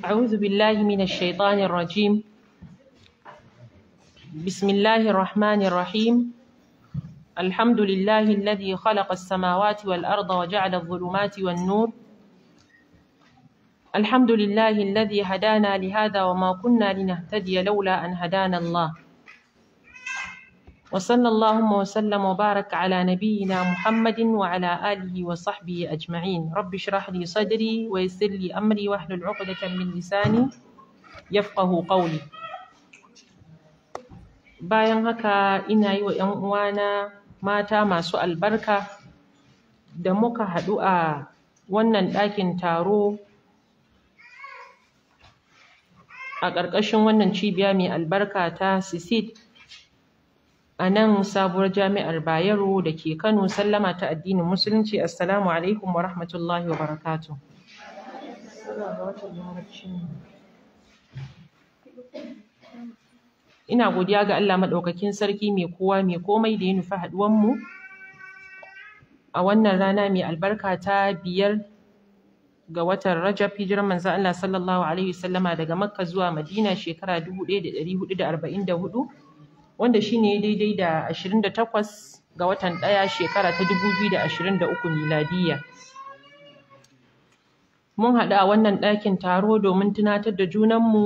أعوذ بالله من الشيطان الرجيم بسم الله الرحمن الرحيم الحمد لله الذي خلق السماوات والأرض وجعل الظلمات والنور الحمد لله الذي هدانا لهذا وما كنا لنهتدي لولا أن هدانا الله وصلى اللهم وسلم وبارك على نبينا محمد وعلى آله وصحبه أجمعين رب اشرح لي صدري ويسر لي أمري واحلل عقدة من لساني يفقه قولي bayan haka ina yi wa 'yan uwana mata masu albarka da muka haɗu a wannan ɗakin taro a ƙarƙashin wannan cibiya mai albarka ta sisid a nan sabuwar jami'ar Bayero da ke Kano sallama ta addinin Musulunci Assalamu alaikum wa rahmatullahi wa barakatu. Ina godiya ga Allah maɗaukakin sarki mai kowa mai komai da ya nufi haɗuwanmu a wannan rana mai albarka ta biyar ga watan Rajab hijirar manzo Allah sallallahu alaihi wasallama daga Makka zuwa Madina shekara 1444 wanda shi shine daidai da 28 ga watan ɗaya shekara ta 2023 miladiya. Mun haɗu a wannan ɗakin taro domin tunatar da junanmu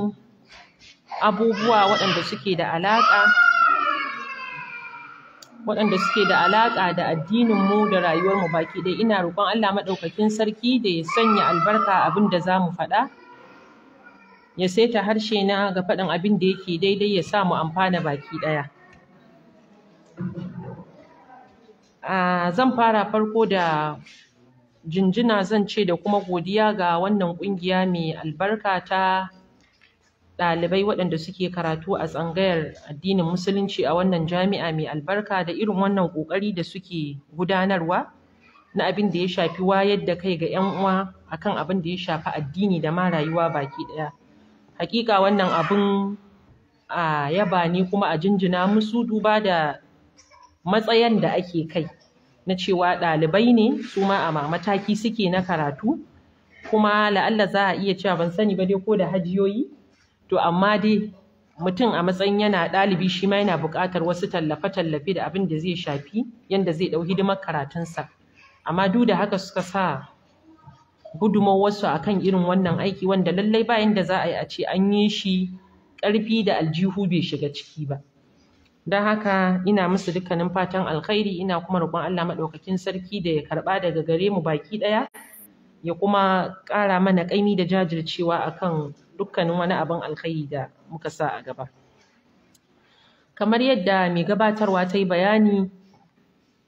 abubuwa waɗanda suke da alaƙa waɗanda suke da alaƙa da addininmu da rayuwarmu baki ɗaya ina roƙon Allah maɗaukakin sarki da ya sanya albarka abin da za mu faɗa. ya saita harshe na ga faɗin abin da yake daidai ya sa mu amfana baki ɗaya. Zan fara farko da jinjina zan ce da kuma godiya ga wannan ƙungiya mai albarka ta ɗalibai waɗanda suke karatu a tsangayar addinin musulunci a wannan jami'a mai albarka da irin wannan ƙoƙari da suke gudanarwa na abin da ya shafi wayar da kai ga 'yan uwa akan abin da ya shafi addini da ma rayuwa baki ɗaya. hakika wannan abun a yaba ne kuma a jinjina musu duba da matsayin da ake kai na cewa ɗalibai ne su ma a mataki suke na karatu kuma la'alla za a iya cewa ban sani ba dai ko da hajiyoyi to amma dai mutum a matsayin yana ɗalibi shi ma yana buƙatar wasu tallafe-tallafe da abin da zai shafi yadda zai ɗau hidimar karatunsa amma duk da haka suka sa gudunmawarsu a kan irin wannan aiki wanda lallai bayan da za a yi a ce an yi shi ƙarfi da aljihu bai shiga ciki ba don haka ina musu dukkanin fatan alkhairi ina kuma roƙon Allah maɗaukakin sarki da ya karɓa daga gare mu baki ɗaya ya kuma ƙara mana ƙaimi da jajircewa a kan dukkanin wani abin alkhairi da muka sa a gaba kamar yadda mai gabatarwa ta yi bayani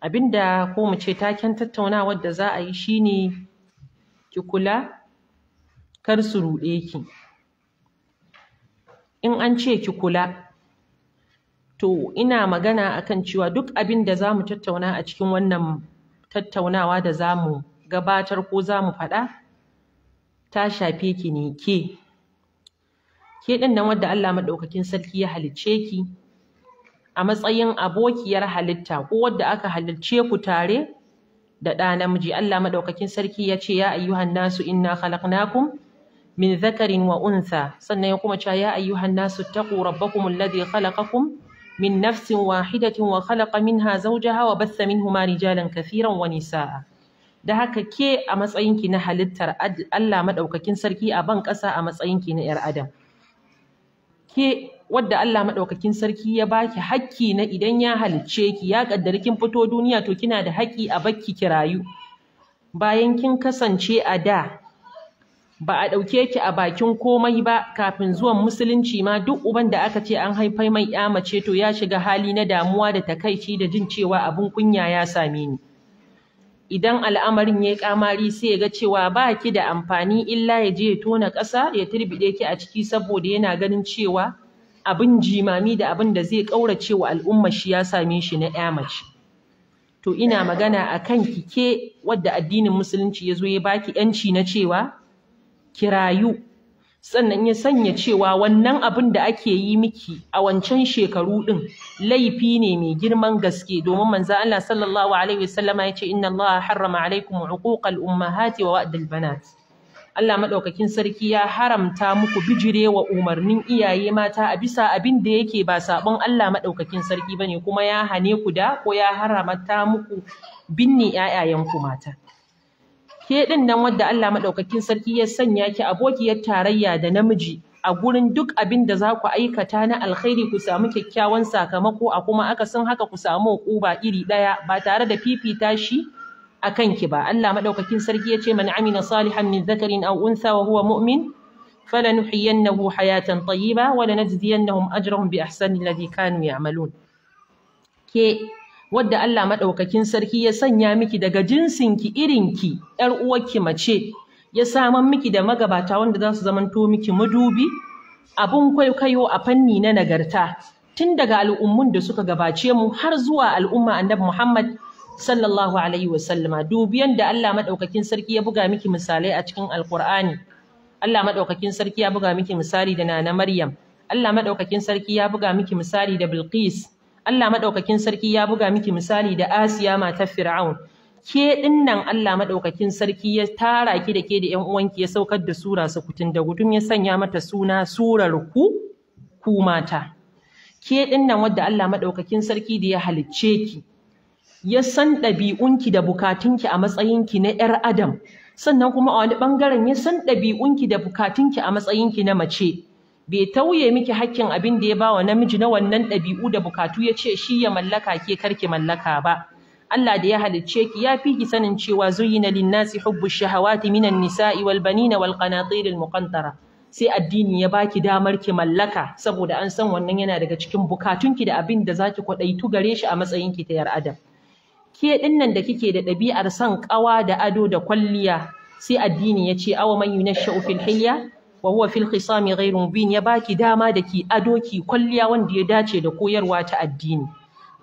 abinda ko mu ce taken tattaunawar da za a yi shine ki kula kar su ruɗe ki in an ce ki kula to ina magana akan cewa duk abin da za mu tattauna a cikin wannan tattaunawa da za mu gabatar ko za mu faɗa ta shafe ki ne ke ke ɗin nan wadda Allah maɗaukakin sarki ya halicce ki a matsayin abokiyar halitta ko wadda aka halicce ku tare da ɗa namiji Allah maɗaukakin sarki ya ce ya ayyuhan nasu inna khalaqnakum min zakarin wa untha sannan ya kuma cewa ya ayyuhan nasu taqu rabbakum alladhi khalaqakum min nafsin wahidatin wa khalaqa minha zawjaha wa bassa minhuma rijalan kathiran wa nisaa da haka ke a matsayinki na halittar Allah maɗaukakin sarki a ban ƙasa a matsayinki na ‘yar Adam. Ke wadda Allah maɗaukakin sarki ya baki hakki na idan ya halicce ki ya ƙaddari kin fito duniya to kina da haƙƙi a bakki ki rayu bayan kin kasance a da ba a ɗauke ki a bakin komai ba kafin zuwan musulunci ma duk uban da aka ce an haifai mai ya mace to ya shiga hali na damuwa da takaici da jin cewa abun kunya ya same ni idan al'amarin ya kamari sai ya ga cewa ba ki da amfani illa ya je ya tona ƙasa ya turbiɗe ki a ciki saboda yana ganin cewa abin jimami da abin da zai ƙaurace wa al'umma shi ya same shi na ya mace to ina magana a kan kike wadda addinin musulunci ya zo ya baki ‘yanci na cewa kirayu sannan ya sanya cewa wannan abin da ake yi miki a wancan shekaru ɗin laifi ne mai girman gaske domin manzo Allah sallallahu alaihi wasallama ya ce inna Allah harrama alaikum uquqal ummahati wa wa'dal banat Allah maɗaukakin sarki ya haramta muku bijirewa umarnin iyaye mata a bisa abin da yake ba saɓon Allah maɗaukakin sarki ba ne kuma ya hane ku da ko ya haramta muku binne ‘ya'yayenku mata. Ke ɗin nan wadda Allah maɗaukakin sarki ya sanya ki abokiyar tarayya da namiji a gurin duk abin da za ku aikata na alkhairi ku samu kyakkyawan sakamako a kuma akasin haka ku samu uba iri ɗaya ba tare da fifita shi a kanki ba Allah Maɗaukakin sarki ya ce, man amina salihan min dhakarin aw untha wa huwa mu'min falanuhyiyannahu hayatan tayyiba wa lanajziyannahum ajrahum bi ahsani alladhi kanu ya'malun ke wadda Allah Maɗaukakin sarki ya sanya miki daga jinsin ki irin ki yar uwarki mace ya saman miki da magabata wanda za su zamanto miki madubi abun kwaikwayo a fanni na nagarta tun daga al'ummun da suka gabace mu har zuwa al'umma annabi Muhammad sallallahu alaihi wasallama dubiyan da Allah madaukakin sarki ya buga miki misalai a cikin alqur'ani Allah madaukakin sarki ya buga miki misali da nana Maryam Allah madaukakin sarki ya buga miki misali da Bilqis Allah madaukakin sarki ya buga miki misali da Asiya matar Fir'aun ke dinnan Allah madaukakin sarki ya tara ki da ke da ƴan uwanki ya saukar da sura su kutun, da gudun ya sanya mata suna surar ku ku mata ke dinnan wadda Allah madaukakin sarki da ya halicce ki ya san ɗabi'unki da bukatunki a matsayinki na 'yar adam sannan kuma a wani ɓangaren ya san ɗabi'unki da bukatunki a matsayinki na mace bai tauye miki hakkin abin da ya ba wa namiji na wannan ɗabi'u da bukatu ya ce shi ya mallaka ke karki mallaka ba Allah da ya halicce ki ya fi ki sanin cewa zuyyina linnasi hubbu shahawati minan nisa'i wal banina wal qanatir al muqantara sai addini ya baki damar ki mallaka saboda an san wannan yana daga cikin bukatunki da abin da zaki kwadaitu gare shi a matsayinki ta yar adam ke dinnan da kike da ɗabi'ar son ƙawa da ado da kwalliya sai addini ya ce awa man shau fil hilya wa huwa fil khisami ghairu mubin ya baki dama da ki ado ki kwalliya wanda ya dace da koyarwa ta addini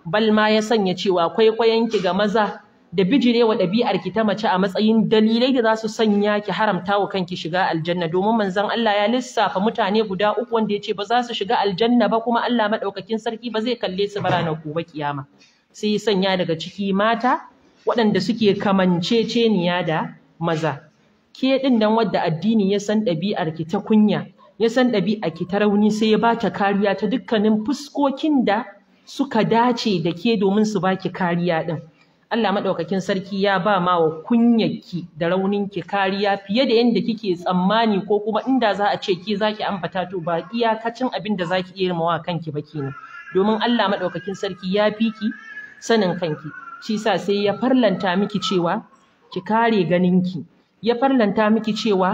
bal ma ya sanya cewa kwaikwayon ki ga maza da bijirewa ɗabi'ar ki ta mace a matsayin dalilai da za su sanya ki haramta wa kanki shiga aljanna domin manzon Allah ya lissafa mutane guda uku wanda ya ce ba za su shiga aljanna ba kuma Allah madaukakin sarki ba zai kalle su ba ranar gobe kiyama sai sanya daga ciki mata waɗanda suke kamanceceniya da maza ke ɗin nan wadda addini ya san ɗabi'ar ki ta kunya ya san ɗabi'a ki ta rauni sai ya bata kariya ta dukkanin fuskokin da suka dace da ke domin su baki kariya ɗin Allah maɗaukakin sarki ya ba ma wa kunyarki da rauninki kariya fiye da yadda kike tsammani ko kuma inda za a ce ki zaki ambata to ba iyakacin abin da zaki iya mawa kanki ba kenan domin Allah maɗaukakin sarki ya fi ki sanin kanki shi sa sai ya farlanta miki cewa ki kare ganinki ya farlanta miki cewa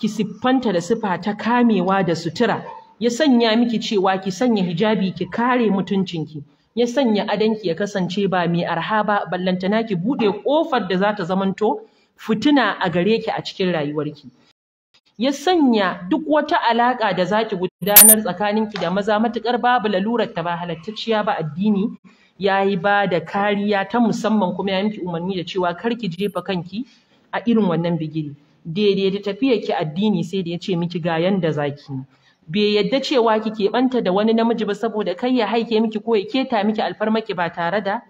ki siffanta da sifa ta kamewa da sutura ya sanya miki cewa ki sanya hijabi ki kare mutuncinki ya sanya adanki ya kasance ba mai arha ba ballantana ki buɗe kofar da za ta zamanto fituna a gare ki a cikin rayuwarki ya sanya duk wata alaƙa da za ki gudanar tsakaninki da maza matukar babu lalurar ta ba halattacciya ba addini ya yi ba da kariya ta musamman kuma ya miki umarni da cewa kar ki jefa kanki a irin wannan bigiri daidai da tafiyar ki addini sai da ya ce miki ga yanda zaki bai yadda cewa ki keɓanta da wani namiji ba saboda kai ya haike miki ko ya keta miki alfarmaki ba tare da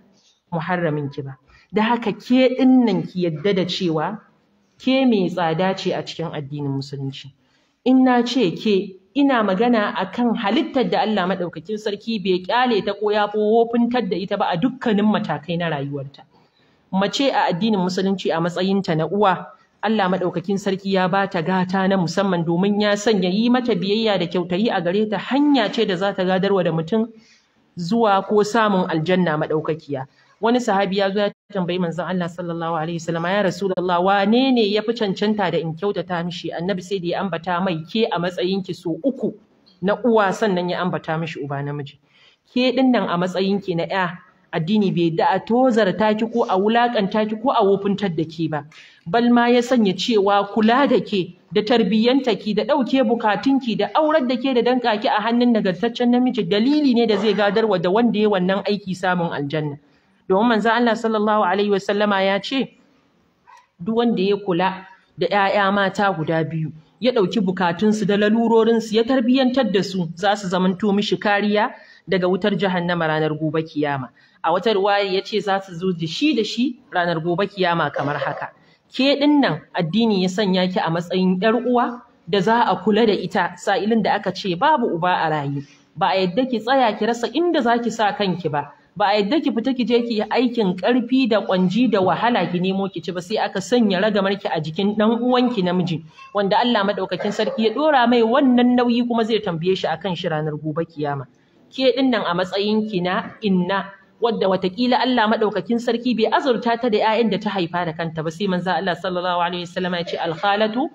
muharramin ki ba da haka ke dinnan ki yadda da cewa ke mai tsada ce a cikin addinin musulunci in na ce ke ina magana a kan halittar da Allah maɗaukakin sarki bai ƙyale ta ko ya wofintar da ita ba a dukkanin matakai na rayuwarta. Mace a addinin musulunci a matsayinta na uwa, Allah maɗaukakin sarki ya ba ta gata na musamman domin ya sanya yi mata biyayya da kyautayi a gare ta hanya ce da za ta gadarwa da mutum zuwa ko samun aljanna maɗaukakiya. wani sahabi ya zo ya tambayi manzon Allah sallallahu alaihi wasallam ya rasulullah wane ne ya fi cancanta da in kyautata mishi annabi sai da ya ambata mai ke a matsayin ki so uku na uwa sannan ya ambata mishi uba namiji ke din nan a matsayin ki na ya addini bai da a ta ki ko a wulakanta ki ko a wofintar da ke ba Balma ya sanya cewa kula da ke da tarbiyyanta ki da ɗauke ki, da aurar da ke da danka ki a hannun nagartaccen namiji dalili ne da zai gadarwa da wanda ya wannan aiki samun aljanna domin manzo Allah sallallahu alaihi wasallama ya ce duk wanda ya kula da ‘ya'ya mata guda biyu ya ɗauki bukatunsu da lalurorinsu ya tarbiyyantar da su za su zamanto mishi kariya daga wutar jahannama ranar gobe kiyama a wata ruwaya ya ce za su zo da shi da shi ranar gobe kiyama kamar haka ke ɗin nan addini ya sanya ki a matsayin ‘yar uwa da za a kula da ita sa'ilin da aka ce babu uba a rayu ba a yadda ki tsaya ki rasa inda za ki sa kanki ba ba a yadda ki fita ki je ki yi aikin ƙarfi da ƙwanji da wahala ki nemo ki ci ba sai aka sanya ragamar ki a jikin ɗan uwanki namiji wanda Allah madaukakin sarki ya dora mai wannan nauyi kuma zai tambaye shi akan shi ranar gobe kiyama ke din nan a matsayin ki na inna wadda watakila Allah madaukakin sarki bai azurta ta da ƴaƴan da ta haifa da kanta ba sai manzo Allah sallallahu alaihi wasallam ya ce al-khalatu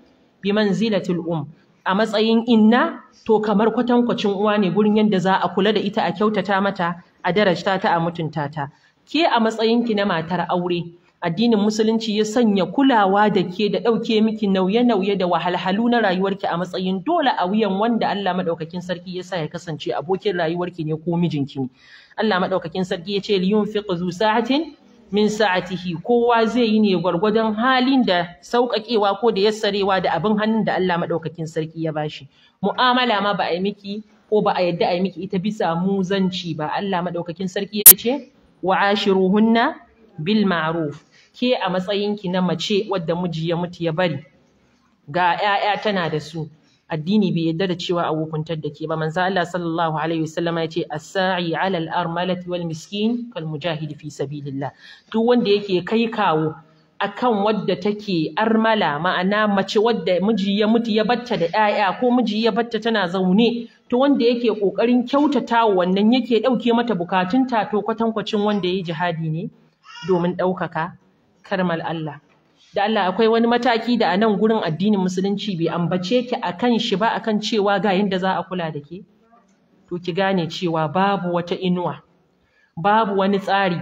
bi manzilatil um a matsayin inna to kamar kwatankwacin uwa ne gurin yadda za a kula da ita a kyautata mata a darajta ta a mutunta ta ke a matsayinki na matar aure addinin musulunci ya sanya kulawa da ke da ɗauke miki nauye-nauye da wahalhalu na rayuwarki a matsayin dole a wuyan wanda Allah maɗaukakin sarki ya sa ya kasance abokin rayuwarki ne ko mijinki ne Allah maɗaukakin sarki ya ce liyun fiqh zu sa'atin min sa'atihi kowa zai yi ne gwargwadon halin da sauƙaƙewa ko da yassarewa da abin hannun da Allah maɗaukakin sarki ya bashi mu'amala ma ba a yi miki ko ba a yadda a yi miki ita bisa muzanci ba Allah madaukakin sarki ya ce wa ashiruhunna bil ma'ruf ke a matsayinki na mace wadda miji ya mutu ya bari ga 'ya'ya tana da su addini bai yadda da cewa a hukuntar da ke ba manzo Allah sallallahu alaihi wasallam ya ce as-sa'i 'ala al-armalati wal miskin kal mujahidi fi sabilillah duk wanda yake kai kawo akan wadda take armala ma'ana mace wadda miji ya mutu ya batta da ɗaya ko miji ya batta tana zaune to wanda yake ƙoƙarin kyautata wannan yake ɗauke mata bukatunta to kwatankwacin wanda ya yi jihadi ne domin ɗaukaka karmal Allah. Da Allah akwai wani mataki da anan gurin addinin musulunci bai ambace ki akan shi ba akan cewa ga yadda za a kula da ke. To ki gane cewa babu wata inuwa, babu wani tsari,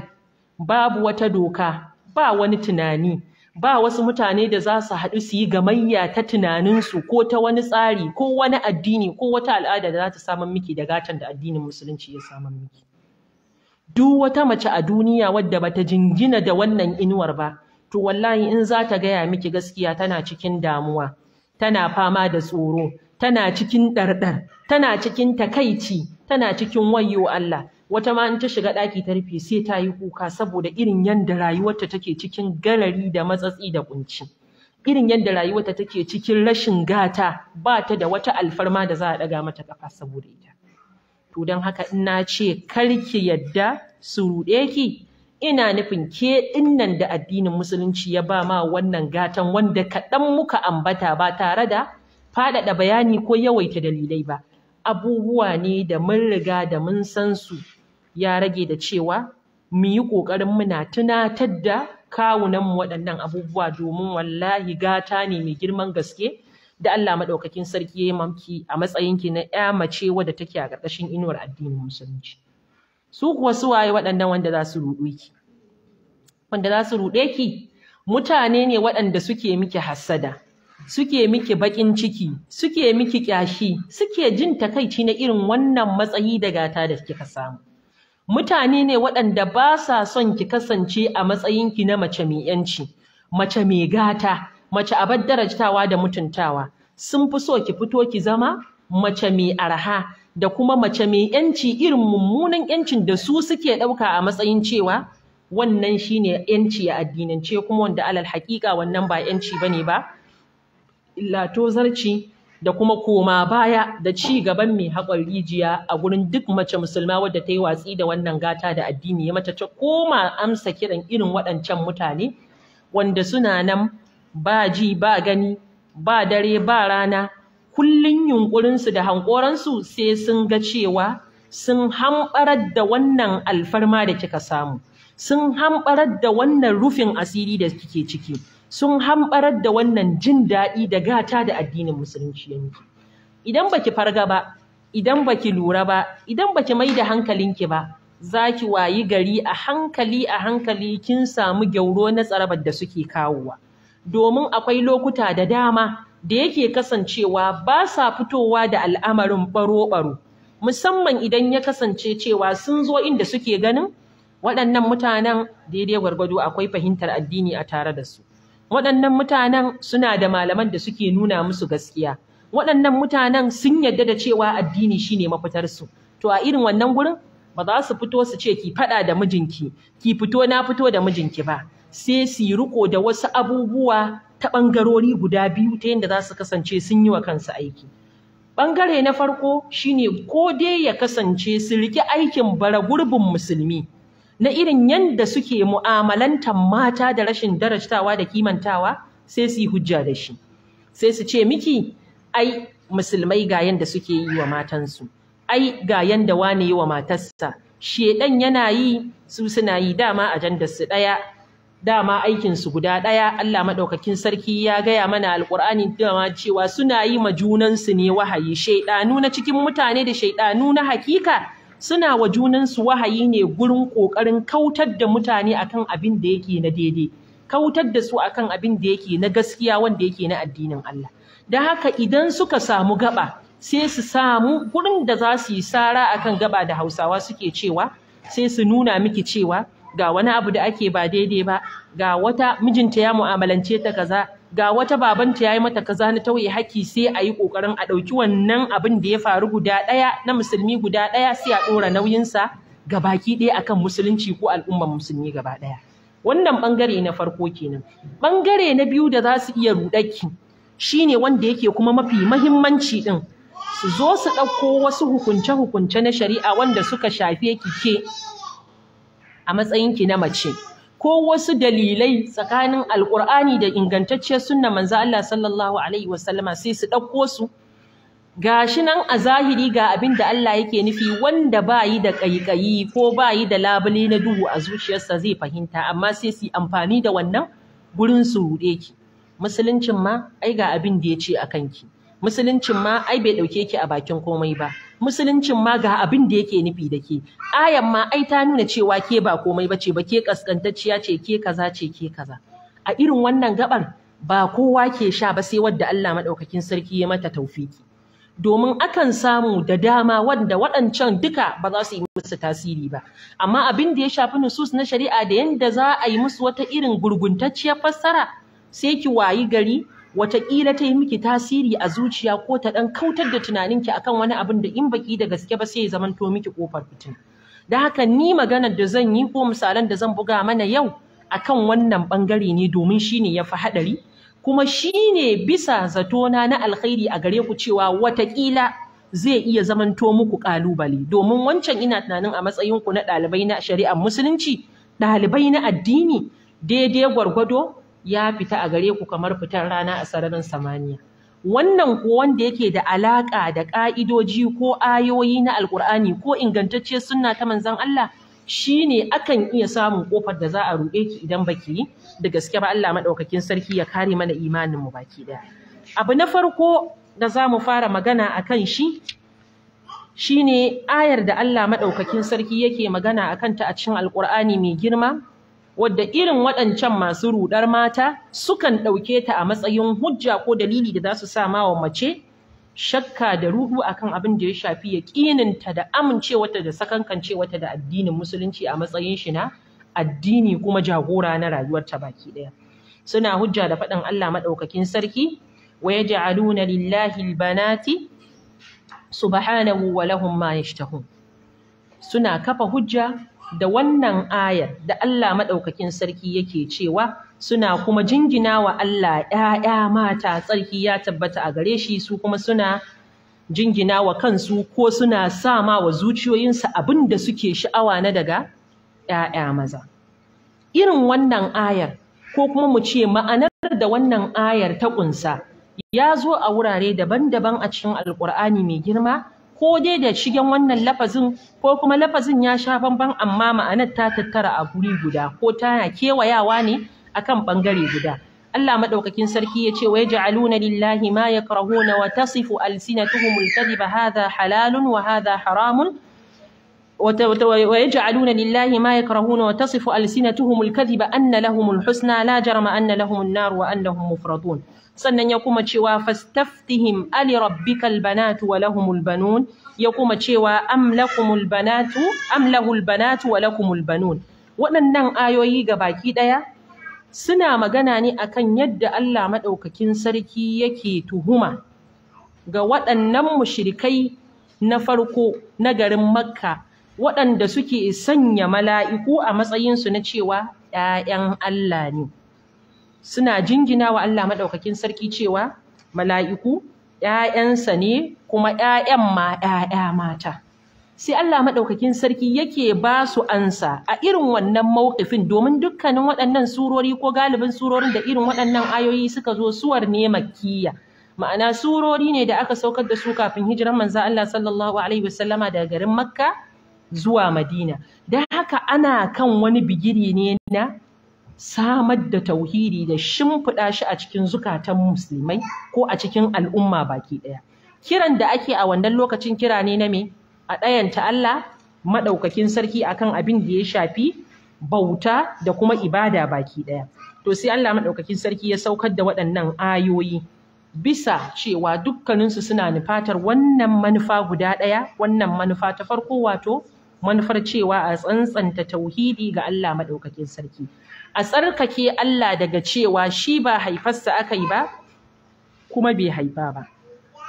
babu wata doka, ba wani tunani ba wasu mutane da za su haɗu su yi gamayya ta tunaninsu ko ta wani tsari ko wani addini ko wata al'ada da za ta samun miki da gatan da addinin musulunci ya samun miki duk wata mace a duniya wadda bata jingina da wannan inuwar ba to wallahi in za ta gaya miki gaskiya tana cikin damuwa tana fama da tsoro tana cikin ɗarɗar tana cikin takaici tana cikin wayyo Allah wata ma in ta shiga ɗaki ta rufe sai ta yi kuka saboda irin yadda rayuwarta take cikin galari da matsatsi da kunci irin yadda rayuwarta take cikin rashin gata ba ta da wata alfarma da za a ɗaga mata ƙafa saboda ita to don haka ina ce kar ki yadda su ruɗe ki ina nufin ke nan da addinin musulunci ya ba ma wannan gatan wanda kaɗan muka ambata ba tare da faɗaɗa bayani ko yawaita dalilai ba abubuwa ne da mun riga da mun san su ya rage da cewa mu yi ƙoƙarin muna tunatar da kawunanmu waɗannan abubuwa domin wallahi gata ne mai girman gaske da Allah maɗaukakin sarki ya mamki a matsayinki na ‘ya mace wadda take a ƙarƙashin inuwar addinin musulunci. Su kuwa su waye waɗannan wanda za su ruɗe ki? Wanda za su ruɗe ki? Mutane ne waɗanda suke miki hassada, suke miki baƙin ciki, suke miki ƙyashi, suke jin takaici na irin wannan matsayi da gata da kika samu. mutane ne waɗanda ba sa son ki kasance a matsayinki na mace mai ‘yanci, mace mai gata, mace abar darajtawa da mutuntawa. Sun fi so ki fito ki zama mace mai arha da kuma mace mai ‘yanci irin mummunan ‘yancin da su suke ɗauka a matsayin cewa wannan shi ne ‘yanci a addinance kuma wanda alal haƙiƙa wannan ba ‘yanci ne ba. Lato zarci. da kuma koma baya da ci gaban mai haƙon rijiya a gurin duk mace musulma wadda ta yi watsi da wannan gata da addini ya mata ta koma amsa kiran irin waɗancan mutane wanda suna nan ba ji ba gani ba dare ba rana kullun yunƙurinsu da hankoransu sai sun ga cewa sun hamɓarar da wannan alfarma da kika samu sun hamɓarar da wannan rufin asiri da kike ciki sun hambarar da wannan jin daɗi da gata da addinin musulunci yanzu. idan baki farga ba idan baki lura ba idan baki mai da hankalinki ba za ki wayi gari a hankali a hankali kin samu gyauro na tsarabar da suke kawowa domin akwai lokuta da dama da yake kasancewa ba sa fitowa da al'amarin baro-baro musamman idan ya kasance cewa sun zo inda suke ganin waɗannan mutanen daidai gwargwado akwai fahimtar addini a tare da su waɗannan mutanen suna da malaman da suke nuna musu gaskiya waɗannan mutanen sun yarda da cewa addini shine mafitarsu to a irin wannan gurin ba za su fito su ce ki faɗa da mijinki ki fito na fito da mijinki ba sai su yi riko da wasu abubuwa ta ɓangarori guda biyu ta yadda za su kasance sun yi wa kansu aiki ɓangare na farko shine ko dai ya kasance su riƙe aikin bara gurbin musulmi na irin yanda suke mu'amalantar mata da rashin darajtawa da kimantawa sai su yi hujja da shi sai su ce miki ai musulmai ga yanda suke yi wa matansu ai ga yanda wane yi wa matarsa shedan yana yi su suna yi dama ajandar su daya dama aikinsu guda ɗaya. Allah madaukakin sarki ya gaya mana alqur'ani dama cewa suna yi ma junansu ne wahayi shedanu na cikin mutane da shedanu na hakika suna wa junansu wahayi ne gurin ƙoƙarin kautar da mutane akan abin da yake na daidai kautar da su akan abin da yake na gaskiya wanda yake na addinin Allah da haka idan suka samu gaba sai su samu gurin da za su yi sara akan gaba da Hausawa suke cewa sai su nuna miki cewa ga wani abu da ake ba daidai ba ga wata mijinta ya mu'amalance ta kaza ga wata babanta ya yi mata kaza na tauye haki sai a yi ƙoƙarin a ɗauki wannan abin da ya faru guda ɗaya na musulmi guda ɗaya sai a ɗora nauyinsa ga baki ɗaya akan musulunci ko al'ummar musulmi gaba ɗaya wannan ɓangare na farko kenan ɓangare na biyu da za su iya ruɗaki shine wanda yake kuma mafi mahimmanci ɗin su zo su ɗauko wasu hukunce-hukunce na shari'a wanda suka shafe kike ke a matsayinki na mace ko wasu dalilai tsakanin alkur'ani da ingantacciyar sunna manzo Allah sallallahu alaihi wasallama sai su ɗauko su gashi nan a zahiri ga abin da Allah yake nufi wanda ba yi da ƙaiƙayi ko ba yi da labule na duhu a zuciyarsa zai fahimta amma sai su amfani da wannan gurin su ruɗe ki musuluncin ma ai ga abin da ya ce a kanki musuluncin ma ai bai ɗauke ki a bakin komai ba musuluncin ma ga abin da yake nufi da ke ayan ma ai ta nuna cewa ke ba komai bace ba ke kaskantacciya ce ke kaza ce ke kaza a irin wannan gabar ba kowa ke sha ba sai wadda Allah madaukakin sarki ya mata taufiki domin akan samu da dama wanda waɗancan duka ba za su yi musu tasiri ba amma abin da ya shafi nusus na shari'a da yanda za a yi musu wata irin gurguntacciyar fassara sai ki wayi gari wataƙila ta yi miki tasiri a zuciya ko ta ɗan kautar da tunaninki akan wani abun da in baki da gaske ba sai ya zamanto miki ƙofar fitina. Da haka ni maganar da zan yi ko misalan da zan buga mana yau akan wannan ɓangare ne domin shi ne ya fi haɗari, kuma shi ne bisa zato na alkhairi a gare ku cewa wataƙila zai iya zamanto muku ƙalubale domin wancan ina tunanin a matsayinku na ɗalibai na shari'ar musulunci ɗalibai na addini daidai gwargwado ya fita a gare ku kamar fitar rana a sararin samaniya wannan ko wanda yake da alaƙa da ƙa'idoji ko ayoyi na alƙur'ani ko ingantacce sunna ta manzon Allah shine akan iya samun ƙofar da za a ruɗe ki idan baki da gaske ba Allah maɗaukakin sarki ya kare mana imanin mu baki ɗaya abu na farko da za mu fara magana a kan shi shine ayar da Allah maɗaukakin sarki yake magana a kanta a cikin alƙur'ani mai girma wadda irin waɗancan masu rudar mata sukan ɗauke ta a matsayin hujja ko dalili da za su sa ma wa mace shakka da ruhu akan abin da ya shafi yaƙininta da amincewarta da sakankancewarta da addinin musulunci a matsayin shi na addini kuma jagora na rayuwarta baki ɗaya suna hujja da faɗin Allah maɗaukakin sarki wa na lillahi albanati subhanahu wa lahum ma yashtahun suna kafa hujja da wannan ayar da Allah maɗaukakin sarki yake cewa suna kuma jingina wa Allah ‘ya'ya mata tsarki ya tabbata a gare shi su kuma suna jingina wa kansu ko suna sa ma wa zuciyoyinsu abin da suke sha'awa na daga ‘ya'ya maza. Irin wannan ayar ko kuma mu ce ma'anar da wannan ayar ta ƙunsa ya zo a wurare daban-daban a cikin Alƙur'ani mai girma ko dai da shigen wannan lafazin ko kuma lafazin ya sha bamban amma ma'anar ta tattara a guri guda ko tana kewayawa ne akan bangare guda Allah madaukakin sarki ya yace wa yaj'aluna lillahi ma yakrahuna wa tasifu alsinatuhum alkadhiba hadha halalun wa hadha haramun ويجعلون لله ما يكرهون وتصف ألسنتهم الكذب أن لهم الحسنى لا جرم أن لهم النار وأنهم مفرطون sannan ya kuma cewa fastaftihim ali rabbikal banatu wa lahumul banun ya kuma cewa am lakumul banatu am banatu wa lakumul banun waɗannan ayoyi ga baki ɗaya suna magana ne akan yadda Allah maɗaukakin sarki yake tuhuma ga waɗannan mushrikai na farko na garin Makka waɗanda suke sanya mala'iku a matsayinsu na cewa ‘ya'yan Allah ne. suna jingina wa Allah maɗaukakin sarki cewa mala'iku ‘ya'yansa ne kuma ‘ya'yan ma ‘ya'ya mata. Sai Allah maɗaukakin sarki yake ba su ansa a irin wannan mawukifin domin dukkanin waɗannan surori ko galibin surorin da irin waɗannan ayoyi suka zo suwar ne makkiya. Ma'ana surori ne da aka saukar da su kafin hijiran manzo Allah sallallahu alaihi wasallama daga garin Makka zuwa Madina. Don haka ana kan wani bigiri ne na samar da tauhidi da shimfiɗa shi a cikin zukatan musulmai ko a cikin al'umma baki ɗaya. Kiran da ake a wannan lokacin kira ne na me a ɗayanta Allah maɗaukakin sarki akan abin da ya shafi bauta da kuma ibada baki ɗaya. To sai Allah maɗaukakin sarki ya saukar da waɗannan ayoyi bisa cewa dukkaninsu suna nufatar wannan manufa guda ɗaya wannan manufa ta farko wato manufar cewa a tsantsanta tauhidi ga Allah maɗaukakin sarki a tsarkake Allah daga cewa shi ba haifarsa aka yi ba kuma bai haifa ba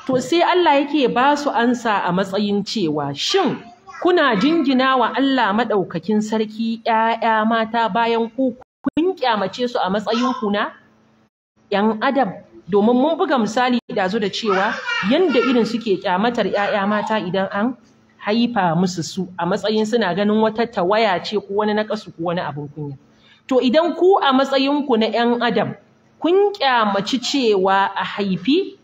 to sai Allah yake ba su ansa a matsayin cewa shin kuna jingina wa Allah maɗaukakin sarki ‘ya'ya mata bayan ku kun kyamace su a matsayin kuna ‘yan adam domin mun buga misali da zo da cewa yanda irin suke kyamatar ‘ya'ya mata idan an haifa musu su a matsayin suna ganin wata tawaya ce ko wani naƙasu ko wani abin kunya. To idan ku a matsayin ku na ‘yan Adam, kun kyamaci cewa a haifi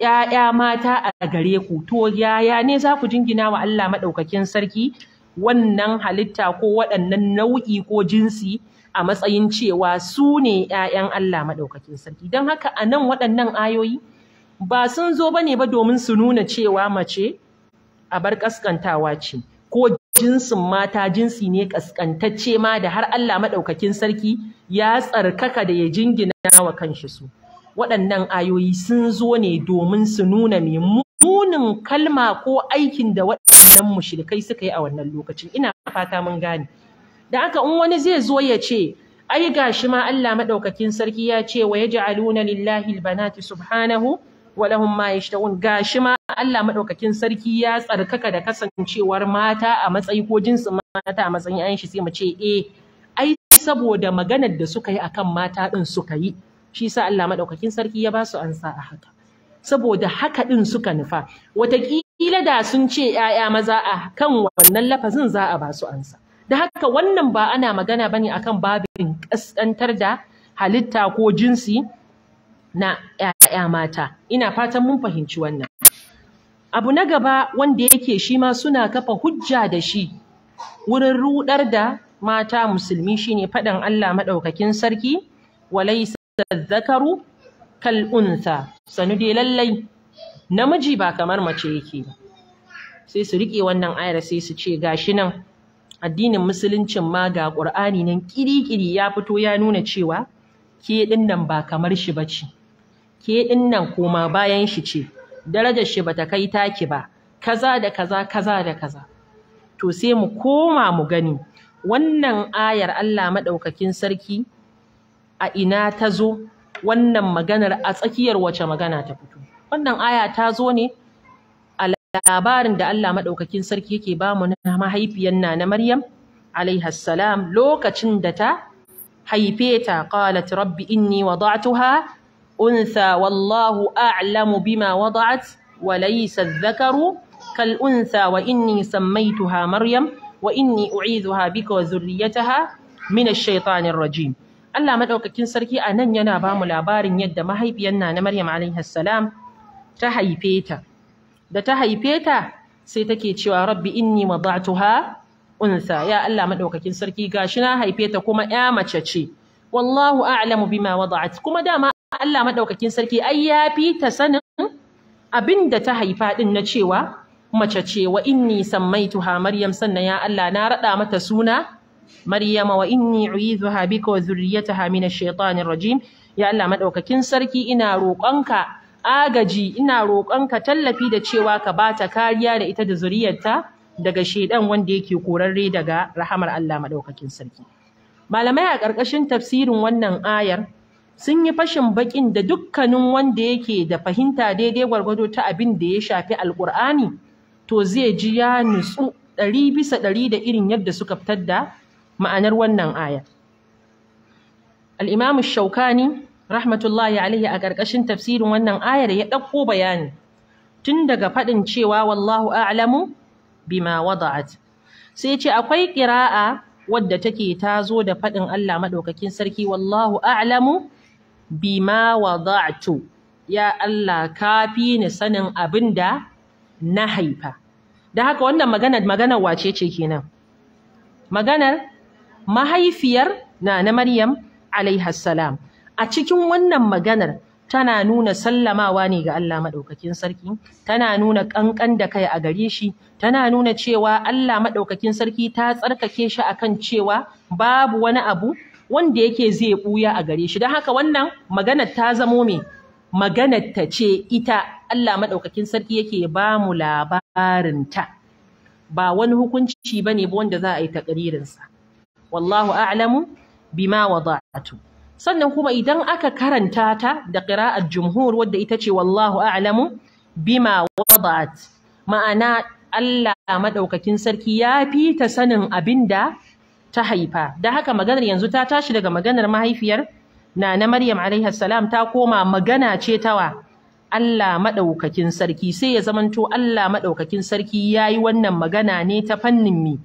‘ya'ya mata a gare ku, to yaya ne za ku jingina wa Allah maɗaukakin sarki wannan halitta ko waɗannan nau'i ko jinsi a matsayin cewa su ne ‘ya'yan Allah maɗaukakin sarki. Don haka a nan waɗannan ayoyi ba sun zo ba ne ba domin su nuna cewa mace abar kaskantawa ce ko jinsin mata jinsi ne kaskantacce ma da har Allah maɗaukakin sarki ya tsarkaka da ya jingina wa kanshi su waɗannan ayoyi sun zo ne domin su nuna munin kalma ko aikin da waɗannan mushrikai suka yi a wannan lokacin ina fata mun gane da haka in wani zai zo ya ce ai gashi ma Allah maɗaukakin sarki ya ce wa ya yaj'aluna lillahi albanati subhanahu wa ma gashi ma Allah madaukakin sarki ya tsarkaka da kasancewar mata a matsayi ko jinsin mata a matsayin ayin shi sai mu ce eh ai saboda maganar da suka yi akan mata din suka yi shi sa Allah madaukakin sarki ya ba su ansa a haka saboda haka din suka nufa wataƙila da sun ce ‘ya'ya maza a kan wannan lafazin za a ba su ansa da haka wannan ba ana magana bane akan babin ƙasƙantar da halitta ko jinsi na ‘ya'ya 'ya'ya mata ina fatan mun fahimci wannan abu na gaba wanda yake shi ma suna kafa hujja da shi wurin rudar da mata musulmi shine faɗan Allah maɗaukakin sarki walaysa zakaru kal unsa sanu dai lallai namiji ba kamar mace yake ba sai su riƙe wannan ayar sai su ce gashi nan addinin musuluncin ma ga ƙur'ani nan ƙiri-ƙiri ya fito ya nuna cewa ke ɗin ba kamar shi ba ce. ke ɗin nan koma bayan shi ce darajar shi bata kai taki ba kaza da kaza kaza da kaza to sai mu koma mu gani wannan ayar Allah maɗaukakin sarki a ina ta zo wannan maganar a tsakiyar wace magana ta fito wannan aya ta zo ne a labarin da Allah maɗaukakin sarki yake ba mu na mahaifiyar na na Maryam salam, lokacin da ta haife ta qalat rabbi inni wada'tuha أنثى والله أعلم بما وضعت وليس الذكر كالأنثى وإني سميتها مريم وإني أعيذها بك وذريتها من الشيطان الرجيم Allah madaukakin sarki a nan yana ba mu labarin yadda mahaifiyar na Maryam alaihi salam ta haife ta da ta haife ta sai take cewa rabbi inni wada'tuha unsa ya Allah madaukakin sarki gashi na haife ta kuma ya mace ce wallahu a'lamu bima wada'at kuma dama Allah maɗaukakin sarki ai ya fi ta sanin abin da ta haifa ɗin na cewa mace ce wa inni sammaituha Maryam sannan ya Allah na raɗa mata suna Maryam wa inni uizuha bika wa zurriyataha min ash-shaytanir rajim ya Allah maɗaukakin sarki ina roƙonka agaji ina roƙonka tallafi da cewa ka bata kariya da ita da zuriyarta daga shedan wanda yake korarre daga rahamar Allah maɗaukakin sarki malamai a ƙarƙashin tafsirin wannan ayar sun yi fashin baƙin da dukkanin wanda yake da fahimta daidai gwargwado ta abin da ya shafi Alƙur'ani to zai ji ya nutsu ɗari bisa ɗari da irin yadda suka fitar da ma'anar wannan aya al'imamu shaukani rahmatullahi alaihi a ƙarƙashin tafsirin wannan ayar ya ɗauko bayani tun daga faɗin cewa wallahu a'lamu bima wada'at sai ce akwai ƙira'a wadda take ta zo da faɗin Allah maɗaukakin sarki wallahu a'lamu bima wada'tu ya Allah ka fi ni sanin abin da na haifa da haka wannan maganar maganar wace ce kenan maganar mahaifiyar na na Maryam alaihassalam a cikin wannan maganar tana nuna sallamawa ne ga Allah maɗaukakin sarki tana nuna ƙanƙan da kai a gare shi tana nuna cewa Allah maɗaukakin sarki ta tsarkake shi akan cewa babu wani abu wanda yake zai buya a gare shi don haka wannan maganar ta zamo me maganar ta ce ita Allah maɗaukakin sarki yake ba mu labarin ta ba wani hukunci bane ba wanda za a yi takririn wallahu a'lamu bima wada'tu sannan kuma idan aka karanta ta da qira'ar jumhur wadda ita ce wallahu a'lamu bima wada'at ma'ana Allah maɗaukakin sarki ya fi ta sanin abinda ta haifa da haka maganar yanzu ta tashi daga maganar mahaifiyar na na Maryam alaihi salam ta koma magana ce tawa Allah maɗaukakin sarki sai ya zamanto Allah madaukakin sarki ya yi wannan magana ne ta fannin mi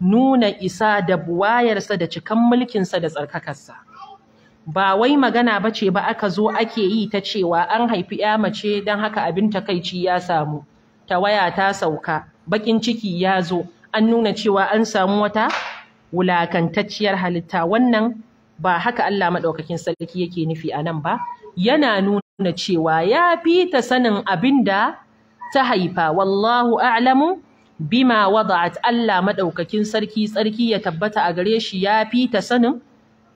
nuna isa da buwayarsa da cikan mulkinsa da tsarkakarsa ba wai magana ba ce ba aka zo ake yi ta cewa an haifi ya mace don haka abin takaici ya samu Ta waya ta sauka baƙin ciki ya zo an nuna cewa an samu wata wulakantacciyar halitta wannan ba haka Allah maɗaukakin sarki yake nufi a nan ba yana nuna cewa ya fi ta sanin abin da ta haifa wallahu a'lamu bima wada'at Allah maɗaukakin sarki sarki ya tabbata a gare shi ya fi ta sanin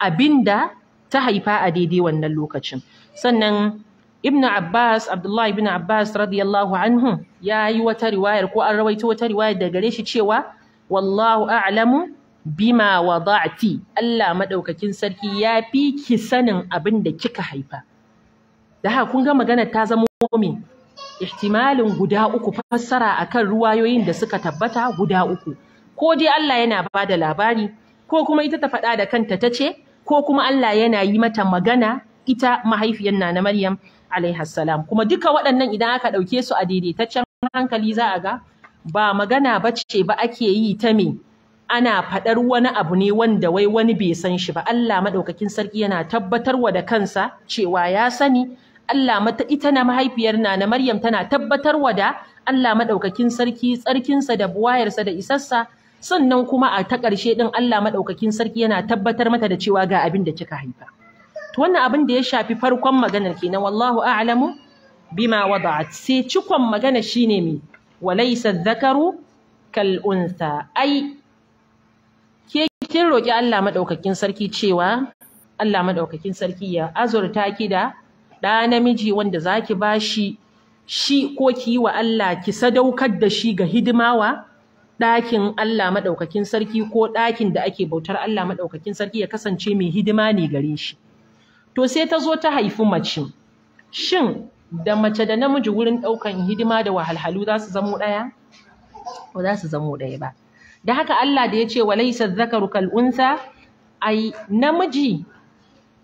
abin da ta haifa a daidai wannan lokacin sannan Ibn Abbas Abdullah ibn Abbas radiyallahu anhu ya yi wata riwayar ko an rawaito wata riwayar da gare shi cewa wallahu a'lamu bima wada'ti Allah madaukakin sarki ya fi ki sanin abin da kika haifa da haka kun ga magana ta zama mu'min ihtimalin guda uku fassara akan ruwayoyin da suka tabbata guda uku ko dai Allah yana ba da labari ko kuma ita ta faɗa da kanta ta ce ko kuma Allah yana yi mata magana ita mahaifiyar na Maryam alaihasalam. salam kuma duka waɗannan idan aka ɗauke su a daidaitaccen hankali za a ga ba magana bace ba ake yi ta me ana faɗar wani abu ne wanda wai wani bai san shi ba Allah maɗaukakin sarki yana tabbatarwa da kansa cewa ya sani Allah mata ita na mahaifiyar na na Maryam tana tabbatarwa da Allah maɗaukakin sarki tsarkinsa da buwayarsa da isarsa sannan kuma a ta ƙarshe ɗin Allah maɗaukakin sarki yana tabbatar mata da cewa ga abin da kika haifa. To wannan abin da ya shafi farkon maganar kenan wallahu a'lamu bima wada'at sai cikon magana shine me walaysa dhakaru kal unsa ai kin roƙi Allah maɗaukakin sarki cewa Allah maɗaukakin sarki ya azurta ki da ɗa namiji wanda za ki ba shi ko ki yi wa Allah ki sadaukar da shi ga hidimawa ɗakin Allah maɗaukakin sarki ko ɗakin da ake bautar Allah maɗaukakin sarki ya kasance mai hidima ne gare shi. To sai ta zo ta haifi mace. Shin da mace da namiji wurin ɗaukan hidima da wahalhalu za su zamo ɗaya? Ba za su zamo ɗaya ba. da haka Allah da ya ce walaysa dhakaru kal unsa ai namiji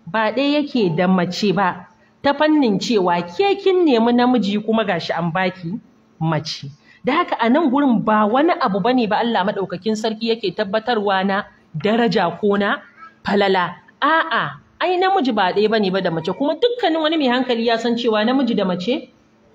ba ɗaya yake da mace ba ta fannin cewa ke kin nemi namiji kuma gashi an baki mace da haka a nan gurin ba wani abu bane ba Allah madaukakin sarki yake tabbatarwa na daraja ko na falala a'a ai namiji ba ɗaya bane ba da mace kuma dukkanin wani mai hankali ya san cewa namiji da mace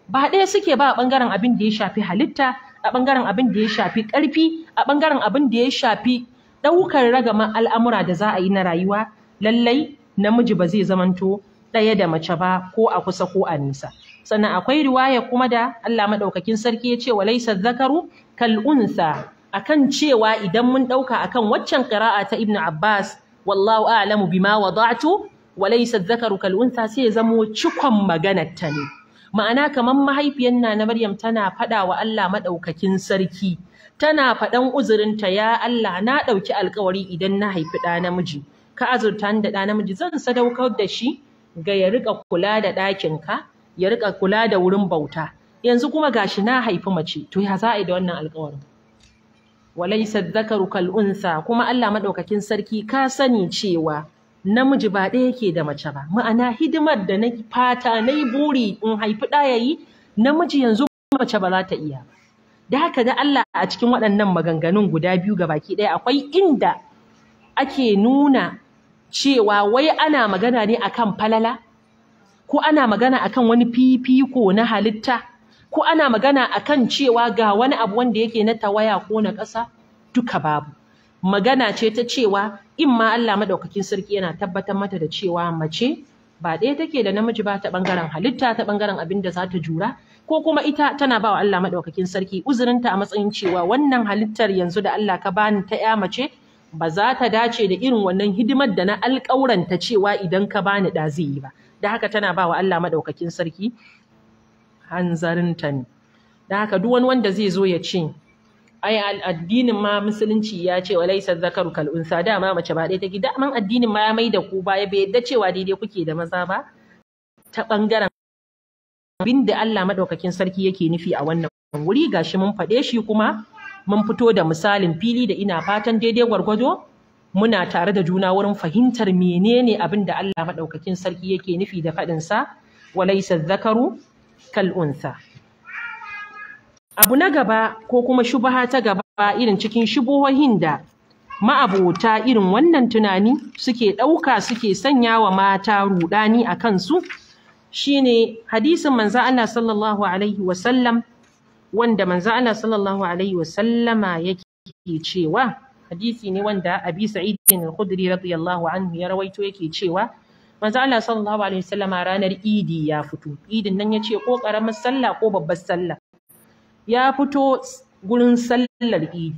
ba ɗaya suke ba a ɓangaren abin da ya shafi halitta a ɓangaren abin da ya shafi ƙarfi a ɓangaren abin da ya shafi ɗaukar ragama al'amura da za a yi na rayuwa lallai namiji ba zai zamanto ɗaya da mace ba ko a kusa ko a nisa sannan akwai riwaya kuma da Allah maɗaukakin sarki ya ce wa laisa zakaru kal unsa akan cewa idan mun ɗauka akan waccan qira'a ta Ibn Abbas wallahu a'lamu bima wada'tu wa laysa dhakaru kal unsa sai ya zamo cikon maganar ta ne ma'ana kamar mahaifiyar na Maryam tana faɗa wa Allah maɗaukakin sarki tana faɗan uzurinta ya Allah na ɗauki alkawari idan na haifi ɗa namiji ka azurta ni da ɗa namiji zan sadaukar da shi ga ya riƙa kula da ɗakinka ya riƙa kula da wurin bauta yanzu kuma gashi na haifi mace to ya za a yi da wannan alkawarin walaysa dhakaru kal unsa kuma Allah maɗaukakin sarki ka sani cewa namiji ba ɗaya yake da mace ba ma'ana hidimar da na fata na yi buri in haifi ɗa yayi namiji yanzu mace ba za ta iya ba da haka da Allah a cikin waɗannan maganganun guda biyu ga baki ɗaya akwai inda ake nuna cewa wai ana magana ne akan falala ko ana magana akan wani fifiko na halitta ko ana magana akan cewa ga wani abu wanda yake na tawaya ko na ƙasa duka babu magana ce ta cewa in ma Allah madaukakin sarki yana tabbatar mata da cewa mace ba ɗaya take da namiji ba ta ɓangaren halitta ta ɓangaren abin da za ta jura ko kuma ita tana ba wa Allah maɗaukakin sarki uzurinta a matsayin cewa wannan halittar yanzu da Allah ka bani ta ya mace ba za ta dace da irin wannan hidimar da na alƙauranta cewa idan ka bani da zai yi ba da haka tana ba wa Allah maɗaukakin sarki hanzarinta ne da haka duk wani wanda zai zo ya ce ai addinin ma musulunci ya ce wa laisa zakaru kal unsa dama mace ba ɗaya gida amma addinin ma ya mai da ku baya bai yadda cewa daidai kuke da maza ba ta bangaren abin da Allah madaukakin sarki yake nufi a wannan wuri gashi mun faɗe shi kuma mun fito da misalin fili da ina fatan daidai gwargwado muna tare da juna wurin fahimtar menene abin da Allah madaukakin sarki yake nufi da faɗinsa wa laisa zakaru kal unsa Abu na gaba ko kuma shubaha ta gaba irin cikin shubuhohin da ma'abota irin wannan tunani suke ɗauka suke sanya wa mata ruɗani a kansu ne. hadisin manza Allah sallallahu alaihi wasallam wanda manza Allah sallallahu alaihi wasallama yake cewa hadisi ne wanda Abi sa'idin al-Khudri radiyallahu anhu ya rawaito yake cewa manzo Allah sallallahu alaihi wasallama ranar Idi ya fito Idin nan yace ko karamar sallah ko babbar sallah ya fito gurin sallar idi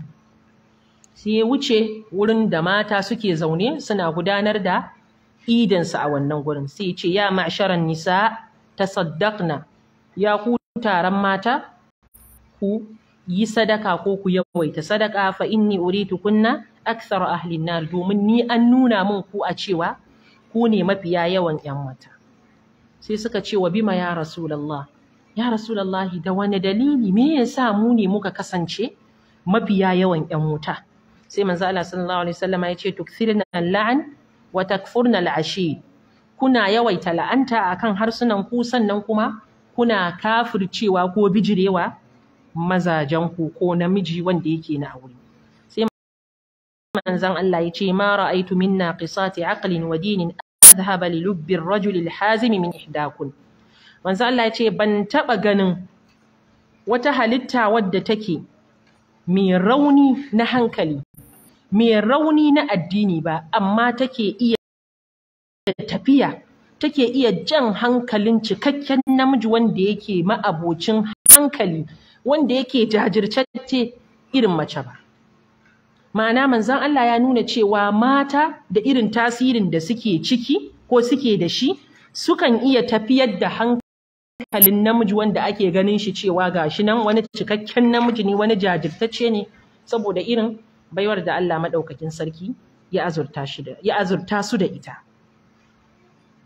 sai ya wuce wurin da mata suke zaune suna gudanar da idansu a wannan gurin sai ya ce ya ma'sharan nisa tasaddaqna ya ku taron mata ku yi sadaka ko ku yawaita sadaka fa inni uritu kunna aksar ahli nar domin ni an nuna min ku a cewa ku ne mafiya yawan yan mata sai suka ce wa bima ya rasulullah ya rasulallahi da wani dalili me yasa mu ne muka kasance mafiya yawan yan wuta sai manzo Allah sallallahu alaihi wasallam ya ce tukthirna al-la'n wa takfurna al-ashi kuna yawaita la'anta akan harsunan ku sannan kuma kuna kafircewa ko bijirewa mazajen ku ko namiji wanda yake na aure sai manzon Allah ya ce ma ra'aytu minna qisati aqlin wa dinin adhhaba li lubbi ar-rajuli al-hazimi min ihdakun manzo Allah ya ce ban taɓa ganin wata halitta wadda take mai rauni na hankali mai rauni na addini ba amma take iya tafiya take iya jan hankalin cikakken namiji wanda yake ma'abocin hankali wanda yake jajirce irin mace ba ma'ana manzon Allah ya nuna cewa mata da irin tasirin da suke ciki ko suke da shi sukan iya tafiyar da hankali hankalin namiji wanda ake ganin shi cewa ga shi nan wani cikakken namiji ne wani jajirtacce ne saboda irin baiwar da Allah maɗaukakin sarki ya azurta shi da ya azurta su da ita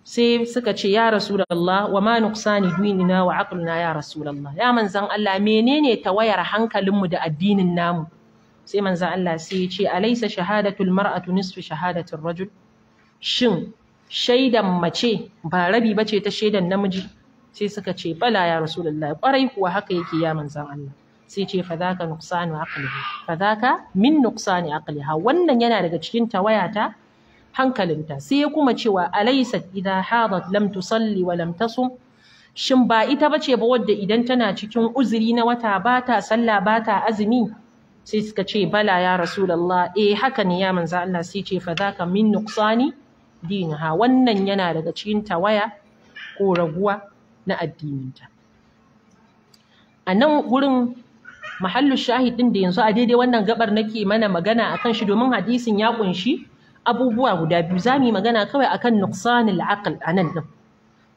sai suka ce ya rasulullah wa ma nuqsani dinina wa aqluna ya rasulullah ya manzan Allah menene tawayar hankalinmu da addinin namu sai manzan Allah sai ya ce alaysa shahadatul mar'atu nisfu shahadatir rajul shin shaidan mace ba rabi bace ta shaidan namiji sai suka ce bala ya rasulullahi kwarai kuwa haka yake ya manzan Allah sai ce fa zaka nuqsanu aqliha fa zaka min nuqsani aqliha wannan yana daga cikin tawayata hankalinta sai ya kuma cewa alaysat idha hadat lam tusalli wa lam tasum shin ba ita bace ba wadda idan tana cikin uzuri na wata bata sallah bata azumi sai suka ce bala ya rasulullah eh haka ne ya manzo Allah sai ce fa zaka min nuqsani dinha wannan yana daga cikin tawaya ko raguwa na addininta a nan gurin mahallu shahid ɗin da yanzu a daidai wannan gabar nake mana magana akan shi domin hadisin ya kunshi abubuwa guda biyu za mu yi magana kawai akan nuqsanil aql a nan din,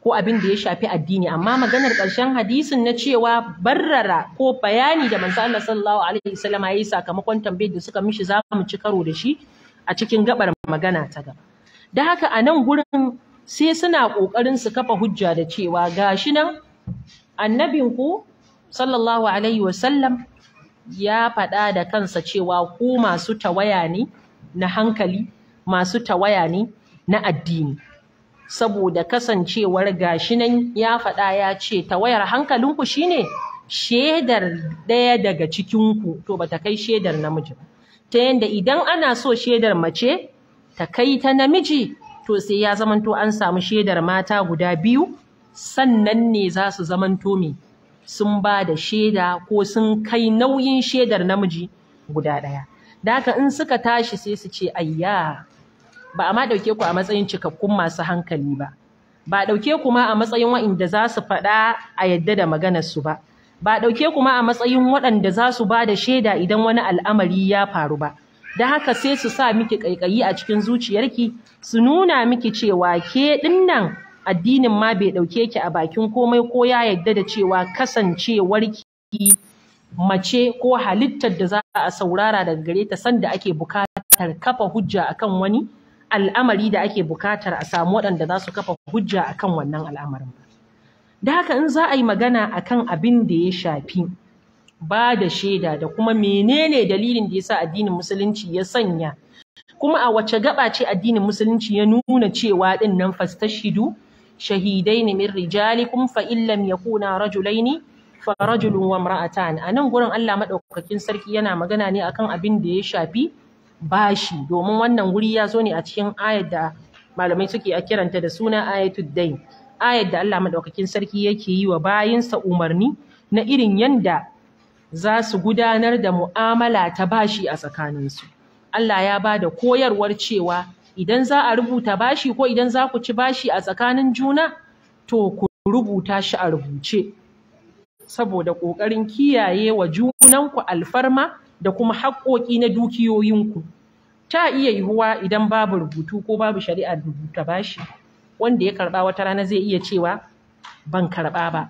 ko abin da ya shafi addini amma maganar ƙarshen hadisin na cewa barrara ko bayani da manzo Allah sallallahu alaihi wasallam yayi sakamakon tambayar da suka mishi za mu ci karo da shi a cikin gabar magana ta gaba da haka a nan gurin sai suna ƙoƙarin su kafa hujja da cewa gashi nan annabinku sallallahu alaihi wasallam ya faɗa da kansa cewa ku masu tawaya ne na hankali masu tawaya ne na addini saboda kasancewar gashi nan ya faɗa ya ce tawayar hankalinku shine shedar ɗaya daga cikinku to ba ta kai shedar namiji ta yadda idan ana so shedar mace ta kai ta namiji to sai ya zamanto an samu shaidar mata guda biyu sannan ne za su zamanto me sun ba da shaida ko sun kai nauyin shaidar namiji guda ɗaya. Da haka in suka tashi sai su ce ayya ba a ma ɗauke ku a matsayin cikakkun masu hankali ba. Ba ɗauke ku ma a matsayin waɗanda za su faɗa a yadda da su ba. Ba ɗauke ku ma a matsayin waɗanda za su ba da shaida idan wani al'amari ya faru ba. da haka sai su sa miki ƙaiƙayi a cikin zuciyarki su nuna miki cewa ke ɗinnan addinin ma bai ɗauke ki a bakin komai ko ya yadda da cewa kasancewarki mace ko halittar da za a saurara daga gare ta sanda ake bukatar kafa hujja akan wani al'amari da ake bukatar a samu waɗanda za su kafa hujja akan wannan al'amarin Da haka in za a yi magana akan abin da ya shafi ba da shaida da kuma menene dalilin da yasa addinin musulunci ya sanya kuma a wace gaba ce addinin musulunci ya nuna cewa din nan fastashidu shahidaini min rijalikum fa illam yakuna rajulaini fa rajulun wa imra'atan anan gurin Allah madaukakin sarki yana magana ne akan abin da ya shafi bashi domin wannan guri ya zo ne a cikin ayar da malamai suke a kiranta da suna ayatul dain ayar da Allah madaukakin sarki yake yi wa bayinsa umarni na irin yanda za su gudanar da mu'amala ta bashi a tsakaninsu. Allah ya ba da koyarwar cewa idan za a rubuta bashi ko idan za ku ci bashi a tsakanin juna, to ku rubuta shi a rubuce. Saboda ƙoƙarin kiyaye wa junanku alfarma da kuma haƙƙoƙi na dukiyoyinku. Ta iya yiwuwa idan babu rubutu ko babu shari'ar rubuta bashi, wanda ya karɓa wata rana zai iya cewa ban karɓa ba.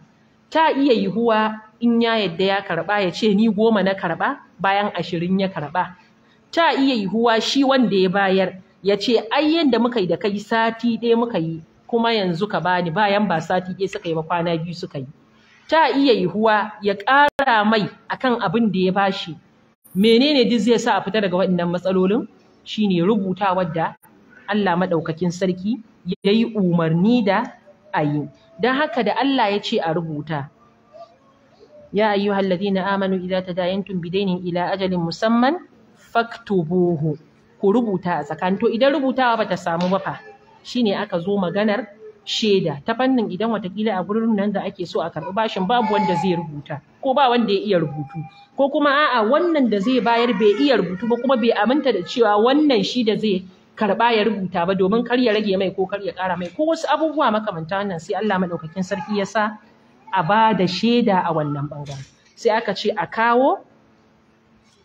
ta iya yiwuwa in ya yadda ya karɓa, ya ce ni goma na karɓa, bayan ashirin ya karɓa. ta iya yiwuwa shi wanda ya bayar ya ce ai yadda muka yi da kai sati ɗaya muka yi kuma yanzu ka bani bayan ba sati ɗaya suka yi ba kwana biyu suka yi ta iya yiwuwa ya ƙara mai akan abin da ya bashi menene duk zai sa a fita daga waɗannan matsalolin shine rubuta wadda Allah maɗaukakin sarki ya yi umarni da a don haka da Allah ya ce a rubuta ya ayyuhal na amanu ta tadayantum bidainin ila ajalin musamman faktubuhu ku rubuta a tsakanin to idan rubutawa bata samu ba fa ne aka zo maganar shaida ta fannin idan watakila a gurin nan da ake so a karɓi bashin babu wanda zai rubuta ko ba wanda ya iya rubutu ko kuma a'a wannan da zai bayar bai iya rubutu ba kuma bai aminta da cewa wannan shi da zai Karɓa ya rubuta ba domin kar ya rage mai ko kar ya ƙara mai ko wasu abubuwa makamanta wannan sai Allah madaukakin sarki ya sa a ba da shaida a wannan bangaren sai aka ce a kawo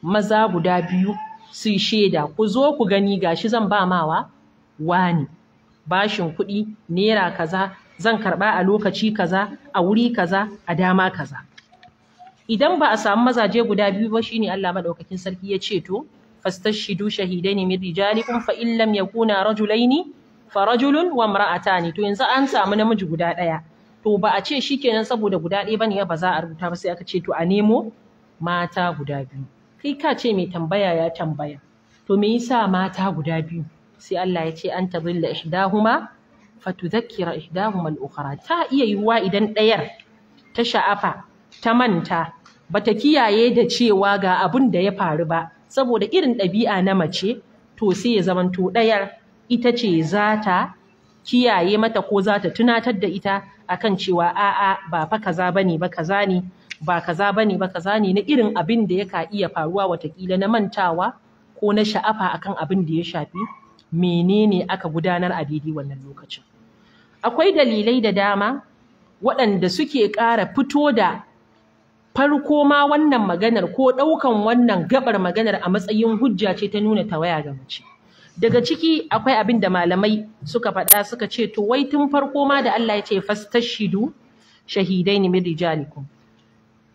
maza guda biyu su shaida ku zo ku gani gashi zan ba mawa wani bashin kuɗi naira kaza zan karɓa a lokaci kaza a wuri kaza a dama kaza idan ba a samu mazaje guda biyu ba shine Allah madaukakin sarki ya ce to fastashhidu shahidaini min rijalikum fa in ya kuna rajulaini fa rajulun wa ne. to yanzu an samu namiji guda ɗaya. to ba a ce kenan saboda guda ɗaya bane ba za a rubuta ba sai aka ce to a nemo mata guda biyu kai ka ce mai tambaya ya tambaya to me yasa mata guda biyu sai Allah ya ce an tadilla ihdahuma fatudhakkira ihdahuma al-ukhra ta iya yiwuwa idan ɗayar ta sha'afa ta manta bata kiyaye da cewa ga abun da ya faru ba saboda irin ɗabi'a na mace to sai ya zamanto ɗaya. ita ce za ta kiyaye mata ko za ta tunatar da ita akan cewa a'a ba fa kaza bane ba kaza ne ba kaza bane ba kaza ne na irin abin da yaka iya faruwa watakila na mantawa ko na sha'afa akan abin da ya shafi menene aka gudanar a daidai wannan lokacin akwai dalilai da dama waɗanda suke ƙara fito da farko ma wannan maganar ko ɗaukan wannan gabar maganar a matsayin hujja ce ta nuna tawaya ga mace. Daga ciki akwai abin da malamai suka faɗa suka ce to wai tun farko ma da Allah ya ce fastashidu shahidai min rijalikum.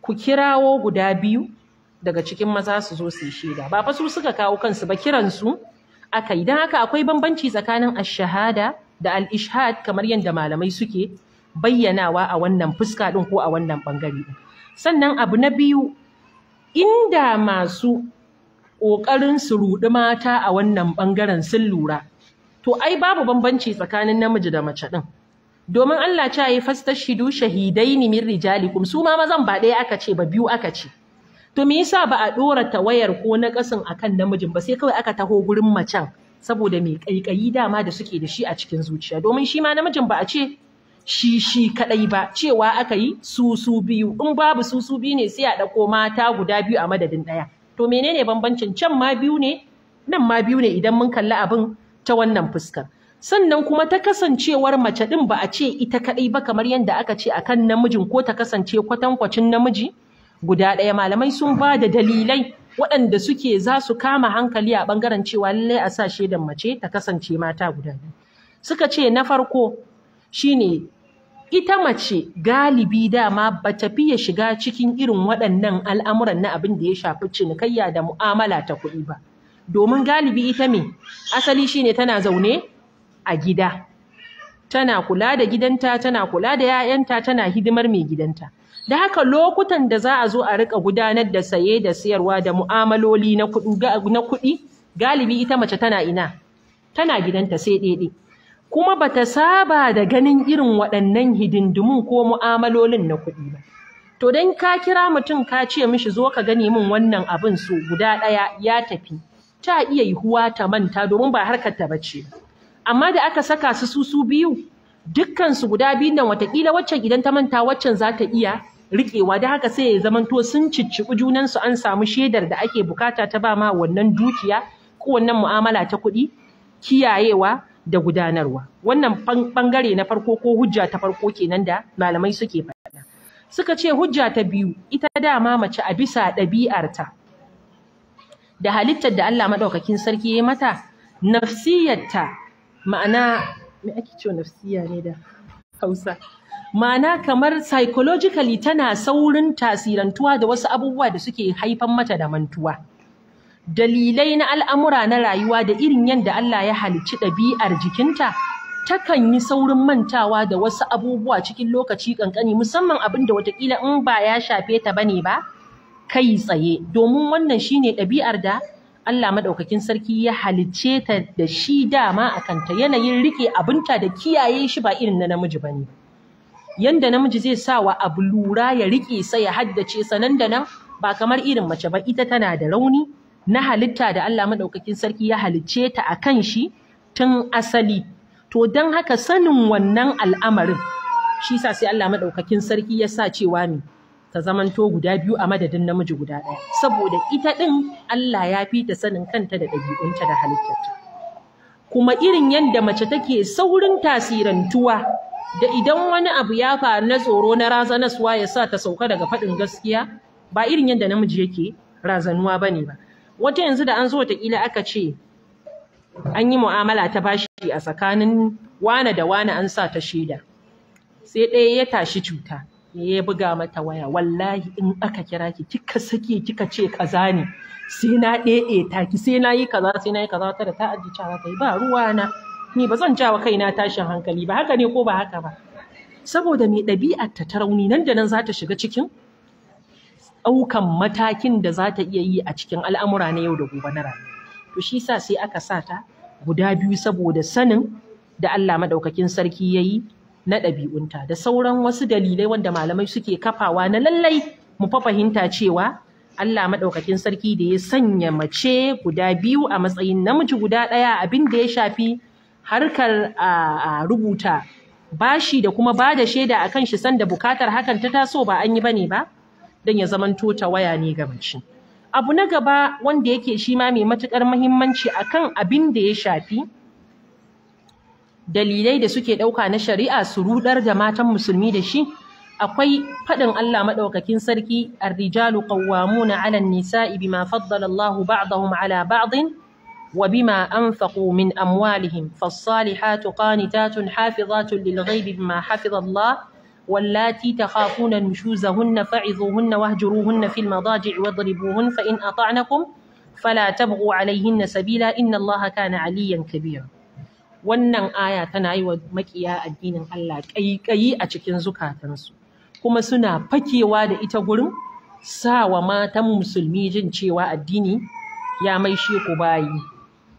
Ku kirawo guda biyu daga cikin maza su zo su yi shaida. Ba fa su suka kawo kansu ba kiransu aka yi. Don haka akwai bambanci tsakanin ashahada da al-ishhad kamar yadda malamai suke bayyanawa a wannan fuska ɗin ko a wannan bangare din sannan abu na biyu inda masu ƙoƙarin su ruɗi mata a wannan ɓangaren sun lura to ai babu bambanci tsakanin namiji da mace ɗin domin Allah ce yi fastashidu shahidaini min rijalikum su ma mazan ba ɗaya aka ce ba biyu aka ce to me yasa ba a ɗora tawayar ko na ƙasin akan namijin ba sai kawai aka taho gurin macen saboda mai ƙaiƙayi dama da suke da shi a cikin zuciya domin shi ma namijin ba a ce shi shi kadai ba cewa aka yi susu biyu in babu susu su biyu ne sai a ɗauko mata guda biyu a madadin ɗaya to menene bambancin can ma biyu ne nan ma biyu ne idan mun kalli abin ta wannan fuskar sannan kuma ta kasancewar mace ɗin ba a ce ita kadai ba kamar yadda aka ce akan namijin ko ta kasance kwatankwacin namiji guda ɗaya malamai sun ba da dalilai waɗanda suke za su kama hankali a ɓangaren cewa lallai a sa shaidan mace ta kasance mata guda biyu suka ce na farko shine ita mace galibi dama ba ta fiye shiga cikin irin waɗannan al'amuran na abin da ya shafi cinikayya da mu'amala ta kuɗi ba. Domin galibi ita me, asali shine tana zaune a gida, tana kula da gidanta, tana kula da ‘ya'yanta, tana hidimar mai gidanta. Da haka lokutan da za a zo a riƙa gudanar da saye da siyarwa da mu'amaloli na kuɗi, galibi ita mace tana ina, tana gidanta sai ɗaiɗai. kuma ba ta saba da ganin irin waɗannan hidindimun ko mu'amalolin na kuɗi ba. To don ka kira mutum ka ce mishi zo ka gani min wannan abin su guda ɗaya ya tafi, ta iya yiwuwa ta manta domin ba harkar ta bace ba. Amma da aka saka su su su biyu, dukkansu guda biyun nan watakila waccan idan ta manta waccan za ta iya riƙewa da haka sai ya zamanto sun cicciɓi junansu an samu shaidar da ake bukata ta ba ma wannan dukiya ko wannan mu'amala ta kuɗi kiyayewa da gudanarwa wannan bangare na farko ko hujja ta farko kenan da malamai suke faɗa suka ce hujja ta biyu ita dama mace a bisa ɗabi'arta da halittar da Allah maɗaukakin sarki ya mata nafsiyarta ma'ana me ake cewa nafsiya ne da Hausa ma'ana kamar psychologically tana saurin tasirantuwa da wasu abubuwa da suke haifan mata da mantuwa dalilai na al'amura na rayuwa da irin yadda Allah ya halicci ɗabi'ar jikinta takan yi saurin mantawa da wasu abubuwa cikin lokaci ƙanƙani musamman abin da watakila in ba ya shafe ta bane ba kai tsaye domin wannan shine ɗabi'ar da Allah maɗaukakin sarki ya halicce ta da shi dama a kanta yanayin riƙe abinta da kiyaye shi ba irin na namiji ba ne yanda namiji zai sa wa abu lura ya riƙe sa ya haddace sanan da nan ba kamar irin mace ba ita tana da rauni na halitta da Allah maɗaukakin sarki ya halicce ta a kan shi tun asali. To don haka sanin wannan al'amarin shi sa sai Allah maɗaukakin sarki ya sa cewa ne ta zamanto guda biyu a madadin namiji guda ɗaya. Saboda ita ɗin Allah ya fi ta sanin kanta da ɗabi'unta da halittarta. Kuma irin yadda mace take saurin tasirantuwa da idan wani abu ya faru na tsoro na razanaswa ya sa ta sauka daga faɗin gaskiya ba irin yadda namiji yake razanuwa bane ba wata yanzu da an zo kila aka ce an yi mu'amala ta bashi a tsakanin wane da wane an sa ta shaida sai ɗaya ya tashi cuta ya buga mata waya wallahi in aka kira ki kika sake kika ce kaza ne sai na ɗeɗe ta ki sai na yi kaza sai na yi kaza ta da ta aji ta ta yi ba ruwa na ni ba zan jawa kaina tashin hankali ba haka ne ko ba haka ba saboda mai ɗabi'ar ta rauni nan da nan za ta shiga cikin ɗaukan matakin da za ta iya yi a cikin al'amura na yau da gobe na rayuwa to shi sa sai aka sa ta guda biyu saboda sanin da Allah maɗaukakin sarki ya yi na ɗabi'unta da sauran wasu dalilai wanda malamai suke kafawa na lallai mu fa fahimta cewa Allah maɗaukakin sarki da ya sanya mace guda biyu a matsayin namiji guda ɗaya abin da ya shafi harkar a rubuta bashi da kuma ba da shaida a kan shi sanda bukatar hakan ta taso ba an yi bane ba. don ya zamanto ta waya ne ga mace. Abu na gaba wanda yake shi ma mai matuƙar muhimmanci akan abin da ya shafi dalilai da suke ɗauka na shari'a su rudar da matan musulmi da shi akwai faɗin Allah maɗaukakin sarki ar-rijalu qawwamuna 'ala an-nisa'i bima faddala Allahu ba'dahum 'ala ba'din wa bima anfaqu min amwalihim fas-salihatu qanitatun hafizatun lil-ghaibi bima hafiza Allah واللاتي تخافون نشوزهن فعظوهن واهجروهن في المضاجع واضربوهن فإن أطعنكم فلا تبغوا عليهن سبيلا إن الله كان عليا كبيرا wannan aya tana yi wa makiya addinin Allah ƙaiƙayi a cikin zukatansu kuma suna fakewa da ita gurin sa wa matan musulmi jin cewa addini ya maishe ku bayi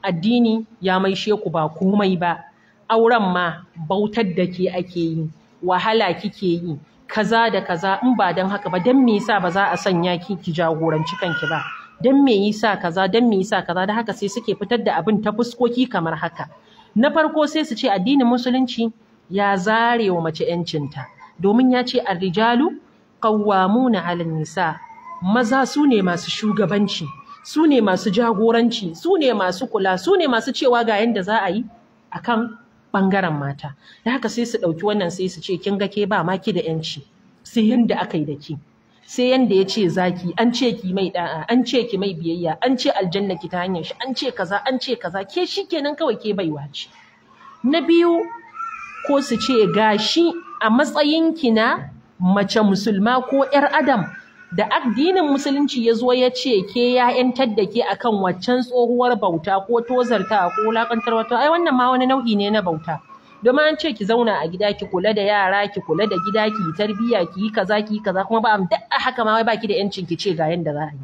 addini ya maishe ku ba komai ba auren ma bautar da ke ake yi wahala kike yi kaza da kaza in ba don haka ba don me yasa ba za a sanya ki ki jagoranci kanki ba don me yasa kaza don me yasa kaza da haka sai suke fitar da abin ta fuskoki kamar haka na farko sai su ce addinin musulunci ya zare wa mace yancinta domin ya ce arrijalu qawwamuna 'alan nisa maza su ne masu shugabanci su ne masu jagoranci su ne masu kula su ne masu cewa ga yanda za a yi akan ɓangaren mata da haka sai su ɗauki wannan sai su ce kin ga ke ba ma ki da yanci sai yanda aka yi da ki sai yanda ya ce zaki an ce ki mai ɗa'a, an ce ki mai biyayya an ce aljanna ki ta hanyar shi an ce kaza an ce kaza ke shi kenan kawai ke baiwa ce na biyu ko su ce gashi a matsayin ki na mace musulma ko 'yar adam da addinin musulunci ya zo ya ce ke ya yantar da ke akan waccan tsohuwar bauta ko tozarta ko wulakantar wata ai wannan ma wani nau'i ne na bauta domin an ce ki zauna a gida ki kula da yara ki kula da gida ki tarbiyya, ki yi kaza ki yi kaza kuma ba duk a haka ma wai baki da yancin ki ce ga yanda za a yi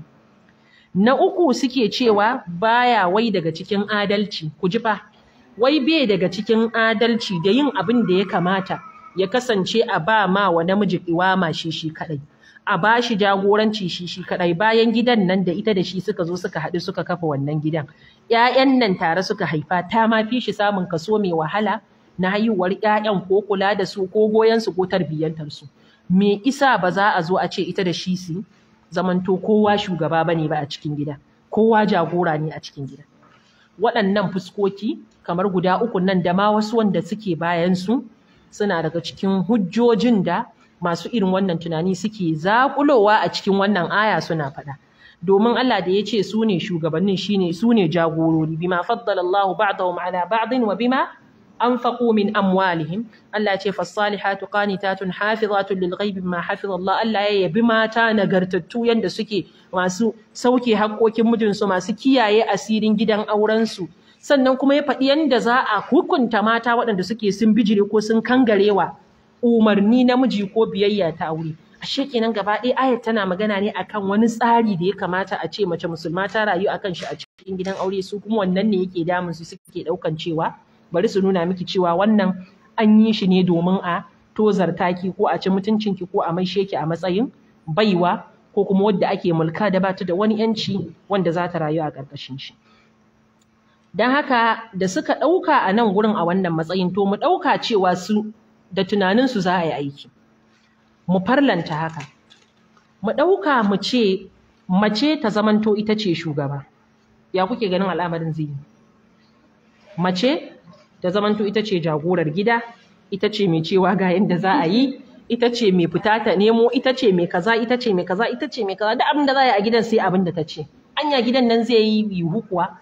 na uku suke cewa baya wai daga cikin adalci ku ji fa wai bai daga cikin adalci da yin abin da ya kamata ya kasance a ba ma wa namiji iwama shi shi kadai a ba shi jagoranci shi shi kadai bayan gidan nan da ita da shi suka zo suka haɗu suka kafa wannan gidan 'Ya'yan nan tare suka haifa ta ma fi shi samun kaso mai wahala na haihuwar 'ya'yan ko kula da su ko goyon su ko tarbiyyantar su me isa ba za a zo a ce ita da shi su zamanto kowa shugaba bane ba a cikin gida kowa jagora ne a cikin gida waɗannan fuskoki kamar guda uku nan da ma wasu wanda suke bayan su suna daga cikin hujjojin da masu irin wannan tunani suke zaƙulowa a cikin wannan aya suna faɗa. Domin Allah da ya ce su ne shugabannin shi ne su ne jagorori bima faddala Allahu ba'dahum ala ba'din wa bima anfaqu min amwalihim Allah ce fasalihatu qanitatun hafizatu lil ghaibi ma hafiz Allah Allah ya yabi mata nagartattu yanda suke masu sauke haƙƙokin mijinsu masu kiyaye asirin gidan aurensu. sannan kuma ya faɗi yanda za a hukunta mata waɗanda suke sun bijire ko sun kangarewa umarni namiji ko biyayya ta aure ashe kenan gaba ɗaya ayat tana magana ne akan wani tsari da ya kamata a ce mace musulma ta rayu akan shi a cikin gidan aure su kuma wannan ne yake damun su suke ɗaukan cewa bari su nuna miki cewa wannan an yi shi ne domin a tozarta ki ko a ci mutuncin ki ko a maishe ki a matsayin baiwa ko kuma wadda ake mulka da bata da wani yanci wanda za ta rayu a ƙarƙashin shi. Don haka da suka ɗauka a nan gurin a wannan matsayin to mu ɗauka cewa su da tunaninsu za a yi aiki mu farlanta haka mu ɗauka mu ce mace ta zamanto ita ce shugaba ya kuke ganin al'amarin zai mace ta zamanto ita ce jagorar gida ita ce mai cewa ga yadda za a yi ita ce mai fita ta nemo ita ce mai kaza ita ce mai kaza ita ce mai kaza da abin da za a yi a gidan sai abin da ta ce anya gidan nan zai yi yiwu kuwa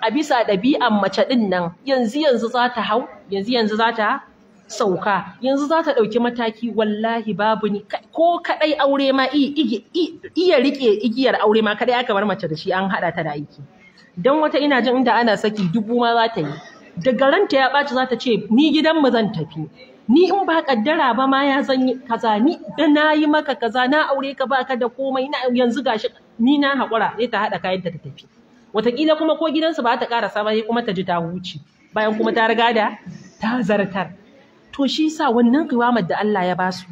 a bisa ɗabi'an mace ɗin nan yanzu yanzu za ta hau yanzu yanzu za ta sauka yanzu za ta ɗauki mataki wallahi babu ni ko kaɗai aure ma iya riƙe igiyar aure ma kaɗai aka bar mace da shi an haɗa ta da aiki don wata ina jin inda ana saki dubu ma za ta yi daga ranta ya ɓaci za ta ce ni gidan mu zan tafi ni in ba kaddara ba ma ya zan kaza ni da na yi maka kaza na aure ka ba ka da komai na yanzu gashi ni na haƙura sai ta haɗa kayan ta ta tafi wataƙila kuma ko gidansu ba ta ƙara ba sai kuma ta ji ta huce bayan kuma ta riga da ta zartar to shi sa wannan kiwamar da Allah ya ba su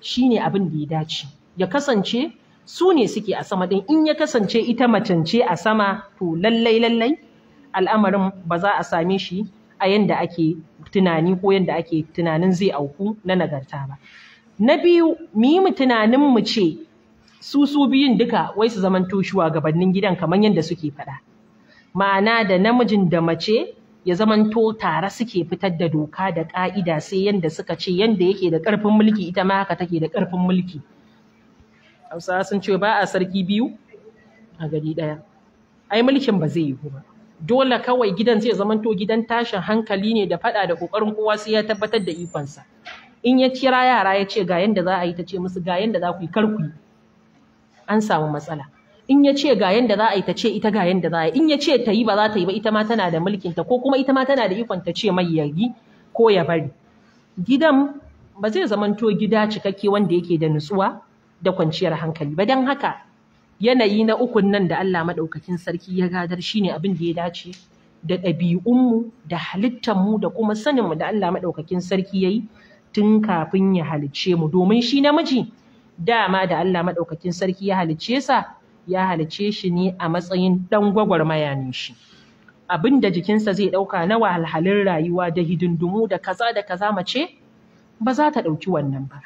shi ne abin da ya dace ya kasance su ne suke a sama din in ya kasance ita macen a sama to lallai lallai al'amarin ba za a same shi a yanda ake tunani ko yanda ake tunanin zai auku na nagarta ba na biyu mu yi mu tunanin mu ce su su biyun duka wai su zaman zamanto gabannin gidan kamar yadda suke faɗa ma'ana da namijin da mace ya zamanto tare suke fitar da doka da ƙa'ida sai yanda suka ce yanda yake da ƙarfin mulki ita ma haka take da ƙarfin mulki hausawa sun ce ba a sarki biyu a gari ɗaya ai mulkin ba zai yi ba dole kawai gidan zai zamanto gidan tashin hankali ne da faɗa da ƙoƙarin kowa sai ya tabbatar da ikonsa in ya kira yara ya ce ga yanda za a yi ta ce musu ga yanda za ku yi kar ku yi an samu matsala in ya ce ga yanda za a yi ta ce ita ga yanda za a yi in ya ce ta yi ba za ta yi ba ita ma tana da mulkin ta ko kuma ita ma tana da ikon ta ce mai ya yi ko ya bari gidan ba zai zamanto gida cikakke wanda yake da nutsuwa da kwanciyar hankali ba don haka yanayi na ukun nan da Allah maɗaukakin sarki ya gadar shine abin da ya dace da ɗabi'unmu da halittarmu da kuma saninmu da Allah maɗaukakin sarki ya yi tun kafin ya halicce mu domin shi namiji dama da Allah maɗaukakin sarki ya halicce sa ya halice shi ne a matsayin ɗan gwagwarmaya ne shi. Abin da jikinsa zai ɗauka na wahalhalin rayuwa da hidindimu da kaza da kaza mace ba za ta ɗauki wannan ba.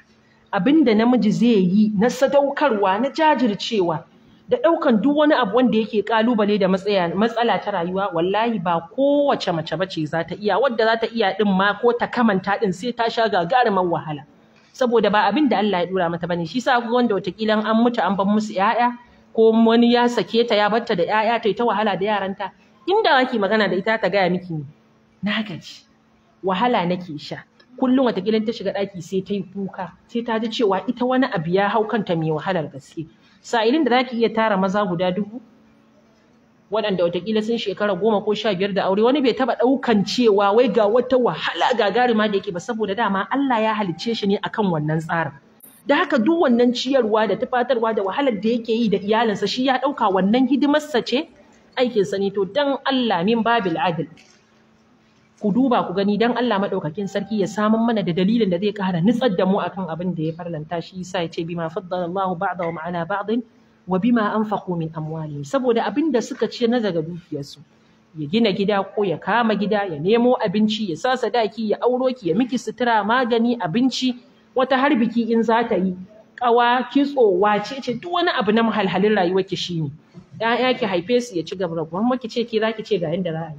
Abin da namiji zai yi na sadaukarwa na jajircewa da ɗaukan duk wani abu wanda yake ƙalubale da matsala ta rayuwa wallahi ba kowace mace ce za ta iya wadda za ta iya ɗin ma ko ta kamanta ɗin sai ta sha gagarumar wahala. Saboda ba abin da Allah ya ɗora mata ba ne, shi sa wanda watakila an mutu an ban musu 'ya'ya ko wani ya sake ta ya batta da 'ya'ya ta ta wahala da yaranta inda kake magana da ita ta gaya miki ne na gaji wahala nake sha kullum wata watakila ta shiga ɗaki sai ta yi kuka sai ta ji cewa ita wani abu ya hau kanta mai wahalar gaske sa'ilin da zaki iya tara maza guda dubu waɗanda watakila sun shekara goma ko sha biyar da aure wani bai taɓa ɗaukan cewa wai ga wata wahala gagarima da yake ba saboda dama Allah ya halicce shi ne akan wannan tsarin da haka duk wannan ciyarwa da tufatarwa da wahalar da yake yi da iyalinsa shi ya ɗauka wannan hidimarsa ce aikinsa ne to dan Allah min babil adil ku duba ku gani dan Allah madaukakin sarki ya samun mana da dalilin da zai kara nutsar da mu akan abin da ya farlanta shi yasa ya ce bima faddala Allahu ba'da wa ma'ana wa bima anfaqu min amwalihim saboda abin da suka ci na daga dukiyarsu ya gina gida ko ya kama gida ya nemo abinci ya sa sadaki ya auro ki ya miki sutura magani abinci wata har biki in za ta yi ƙawa kitso wace ce duk wani abu na mahalhalin rayuwa ki shine ya'ya ki haife su ya ci gaba kuma ki ce ki zaki ce ga inda za a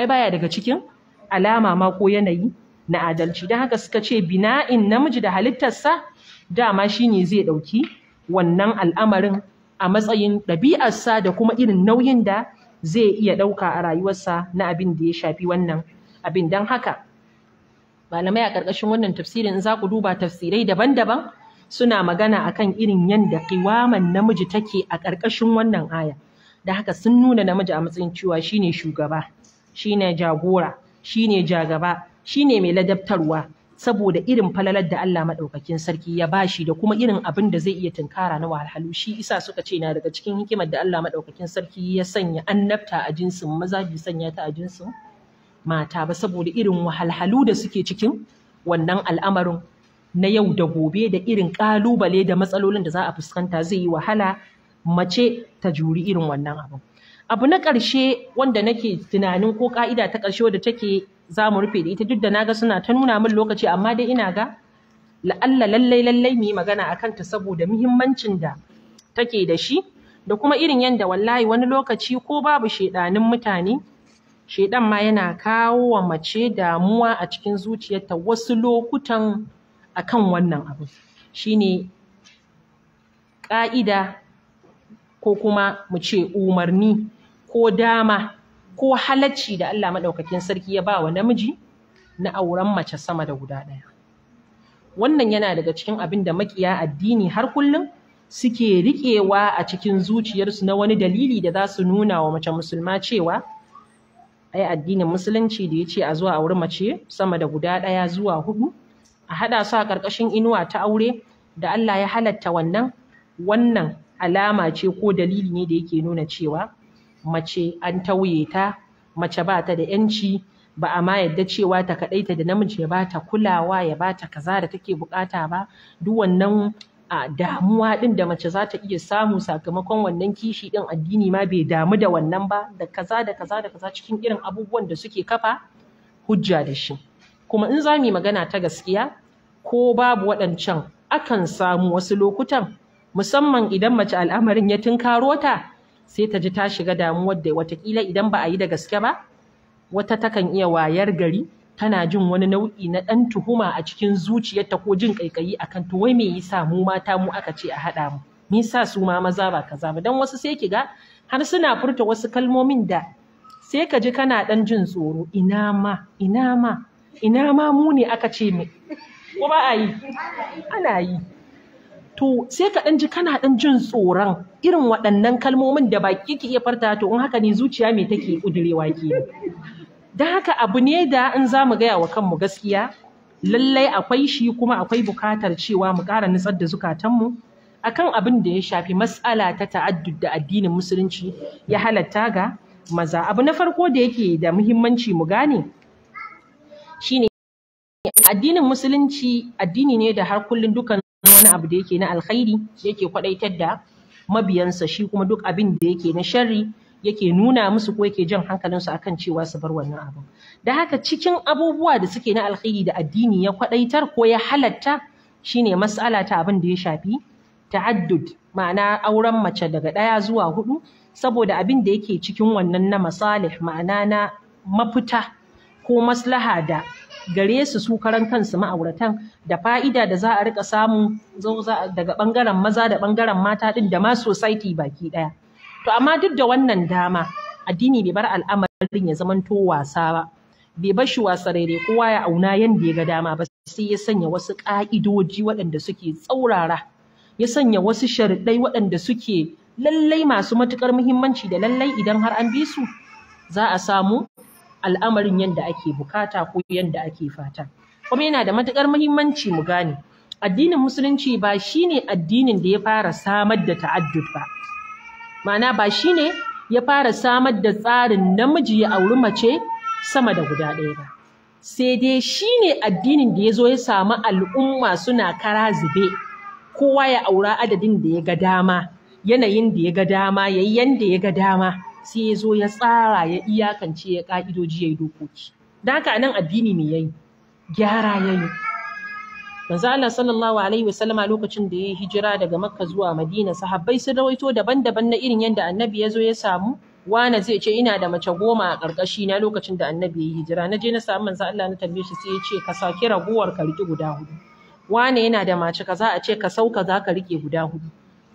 ai baya daga cikin alama ma ko yanayi na adalci don haka suka ce bina'in namiji da halittarsa dama shine zai ɗauki wannan al'amarin a matsayin ɗabi'arsa da kuma irin nauyin da zai iya ɗauka a rayuwarsa na abin da ya shafi wannan abin don haka malamai a ƙarƙashin wannan tafsirin in za ku duba tafsirai daban-daban suna magana akan irin yadda kiwaman namiji take a ƙarƙashin wannan aya da haka sun nuna namiji a matsayin cewa shine shugaba shine jagora shine jagaba shine mai ladabtarwa saboda irin falalar da Allah maɗaukakin sarki ya bashi da kuma irin abin da zai iya tunkara na wahalhalu shi isa suka ce na daga cikin hikimar da Allah maɗaukakin sarki ya sanya annabta a jinsin maza bai sanya ta a jinsin mata ba saboda irin wahalhalu da suke cikin wannan al'amarin na yau da gobe da irin ƙalubale da matsalolin da za a fuskanta zai yi wahala mace ta juri irin wannan abin. Abu na ƙarshe wanda nake tunanin ko ƙa'ida ta ƙarshe wadda take za mu rufe da ita duk da naga suna ta nuna min lokaci amma dai ina ga la'alla lallai lallai mu yi magana a kanta saboda muhimmancin da take da shi da kuma irin yadda wallahi wani lokaci ko babu shaidanin mutane shaiɗan ma yana kawo wa mace damuwa a cikin zuciyarta wasu lokutan a kan wannan abu shine ƙa'ida ko kuma mu ce umarni ko dama ko halacci da Allah maɗaukakin sarki ya ba wa namiji na auren mace sama da guda ɗaya wannan yana daga cikin abin da maƙiya addini har kullum suke riƙewa a cikin zuciyarsu na wani dalili da za su nuna wa mace musulma cewa ai addinin musulunci da ya ce a zuwa auri mace sama da guda ɗaya zuwa hudu a haɗa su a ƙarƙashin inuwa ta aure da Allah ya halatta wannan wannan alama ce ko dalili ne da yake nuna cewa mace an tauye ta mace ba ta da yanci ba a ma yadda cewa ta kaɗaita da namiji ya ba ta kulawa ya ba ta kaza da take buƙata ba duk wannan a damuwa ɗin da mace za ta iya samu sakamakon wannan kishi ɗin addini ma bai damu da wannan ba da kaza da kaza da kaza cikin irin abubuwan da suke kafa hujja da shi kuma in za mu magana ta gaskiya ko babu waɗancan akan samu wasu lokutan musamman idan mace al'amarin ya tunkaro ta sai ta ji ta shiga damuwar da watakila idan ba a yi da gaske ba wata takan iya wayar gari tana jin wani nau'i na ɗan tuhuma a cikin zuciyarta ko jin ƙaiƙayi akan to wai me yasa mu mata mu aka ce a haɗa mu me yasa su ma maza ba kaza ba dan wasu sai ki ga har suna furta wasu kalmomin da sai ka ji kana ɗan jin tsoro ina ma ina ma ina ma mu ne aka ce mai. ko ba a yi ana yi to sai ka ɗan ji kana ɗan jin tsoron irin waɗannan kalmomin da baki ki iya farta to in haka ne zuciya me take ƙudurewa ke don haka abu ne da in za mu gaya wa kanmu gaskiya lallai akwai shi kuma akwai bukatar cewa mu ƙara nutsar da zukatanmu A kan abin da ya shafi matsala ta ta'addud da addinin musulunci ya halatta ga maza abu na farko da yake da muhimmanci mu gane ne addinin musulunci addini ne da har kullum dukan wani abu da yake na alkhairi yake kwaɗaitar da mabiyansa shi kuma duk abin da yake na sharri yake nuna musu ko yake jan hankalinsu akan cewa su bar wannan abin da haka cikin abubuwa da suke na alkhairi da addini ya kwadaitar ko ya halatta shine mas'ala ta abin da ya shafi ta'addud ma'ana auren mace daga ɗaya zuwa hudu saboda abin da yake cikin wannan na masalih ma'ana na mafita ko maslaha da gare su su karan kansu ma'auratan da fa'ida da za a rika samu daga bangaren maza da ɓangaren mata ɗin da ma society baki ɗaya. to amma duk da wannan dama addini bai bar al'amarin ya zamanto wasa ba bai bar shi wasa rere kowa ya auna yanda ya ga dama ba sai ya sanya wasu ƙa'idoji waɗanda suke tsaurara ya sanya wasu sharuɗai waɗanda suke lallai masu matuƙar muhimmanci da lallai idan har an bi su za a samu al'amarin yadda ake bukata ko yadda ake fata kuma yana da matuƙar muhimmanci mu gane addinin musulunci ba shine addinin da ya fara samar da ta'addud ba ma'ana ba shi ne ya fara samar da tsarin namiji ya auri mace sama da guda ɗaya ba sai dai shi ne addinin da ya zo ya samu al'umma suna kara zube kowa ya aura adadin da ya ga dama yanayin da ya ga dama ya yanda ya ga dama sai ya zo ya tsara ya iyakance ya ƙa'idoji ya yi dokoki. Da haka nan addini ne ya gyara ya manzo Allah sallallahu alaihi sallama lokacin da ya hijira daga Makka zuwa Madina sahabbai sun rawaito daban-daban na irin yadda annabi ya zo ya samu wane zai ce ina da mace goma a karkashi na lokacin da annabi yayi hijira na je na samu manzo Allah na tambaye shi sai ya ce ka saki raguwar ka rike guda hudu wane yana da mace kaza a ce ka sauka za ka rike guda hudu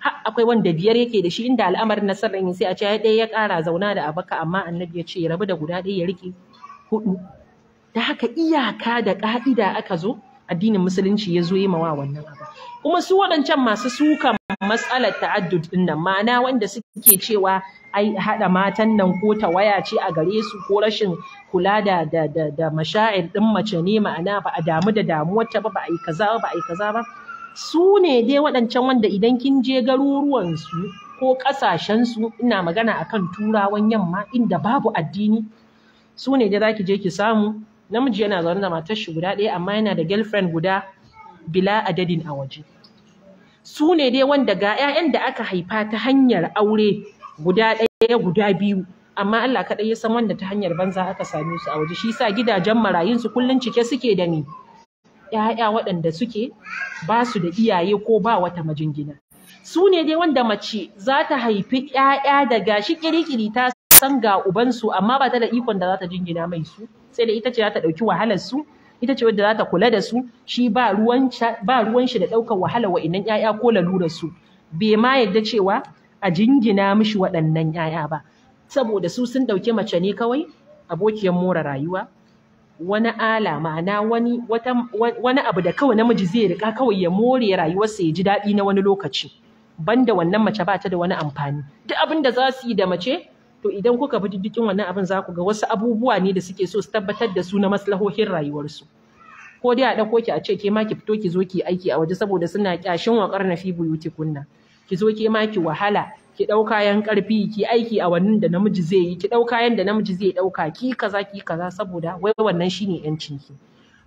har akwai wanda biyar yake da shi inda al'amarin nasarar sarrin sai a ce ya ɗaya ya ƙara zauna da abaka amma annabi ya ce ya rabu da guda ɗaya ya rike hudu da haka iyaka da ka'ida aka zo addinin musulunci ya zo yi mawa wannan abu kuma su waɗancan masu sukan matsalar ta'addud din nan ma'ana wanda suke cewa ai haɗa matan nan ko tawaya ce a gare su ko rashin kula da da da, da din mace ne ma'ana ba a damu da damuwar ta ba ba a yi kaza ba a yi kaza ba su ne dai waɗancan wanda idan kin je garuruwan su ko ƙasashen su ina magana akan turawan yamma inda babu addini su ne dai zaki je ki samu namiji yana zaune da matar shi guda ɗaya amma yana da girlfriend guda bila adadin a waje su ne dai wanda ga 'ya'yan da aka haifa ta hanyar aure guda ɗaya guda biyu amma Allah kaɗai ya san wanda ta hanyar banza aka same su a waje shi sa gidajen marayun su kullun cike suke da ni ‘ya'ya waɗanda suke ba su da iyaye ko ba wata majingina su ne dai wanda mace za ta haifi ‘ya'ya da gashi kirikiri ta san ga ubansu amma ba ta da ikon da za ta jingina mai su sai da ita ce za ta ɗauki wahalar su ita ce wadda za ta kula da su shi ba ruwan ba ruwan shi da ɗaukar wahala wa wa'innan 'ya'ya ko lalurar su bai ma yadda cewa a jingina mishi waɗannan 'ya'ya ba saboda su sun ɗauki mace ne kawai abokiyar more rayuwa wani ala ma'ana wani wata wani abu da kawai namiji zai rika kawai ya more rayuwarsa ya ji daɗi na wani lokaci banda wannan mace ba ta da wani amfani duk abin da za su yi da mace to idan kuka bi diddikin wannan abin za ku ga wasu abubuwa ne da suke so su tabbatar da su na maslahohin rayuwarsu ko dai a ɗauko ki a ce ke ma ki fito ki zo ki aiki a waje saboda suna kyashin wa na fi buyuti kunna ki zo ke ma ki wahala ki ɗau kayan ƙarfi ki aiki a wannan da namiji zai yi ki ɗau kayan da namiji zai ɗauka ki kaza ki kaza saboda wai wannan shine yancin ki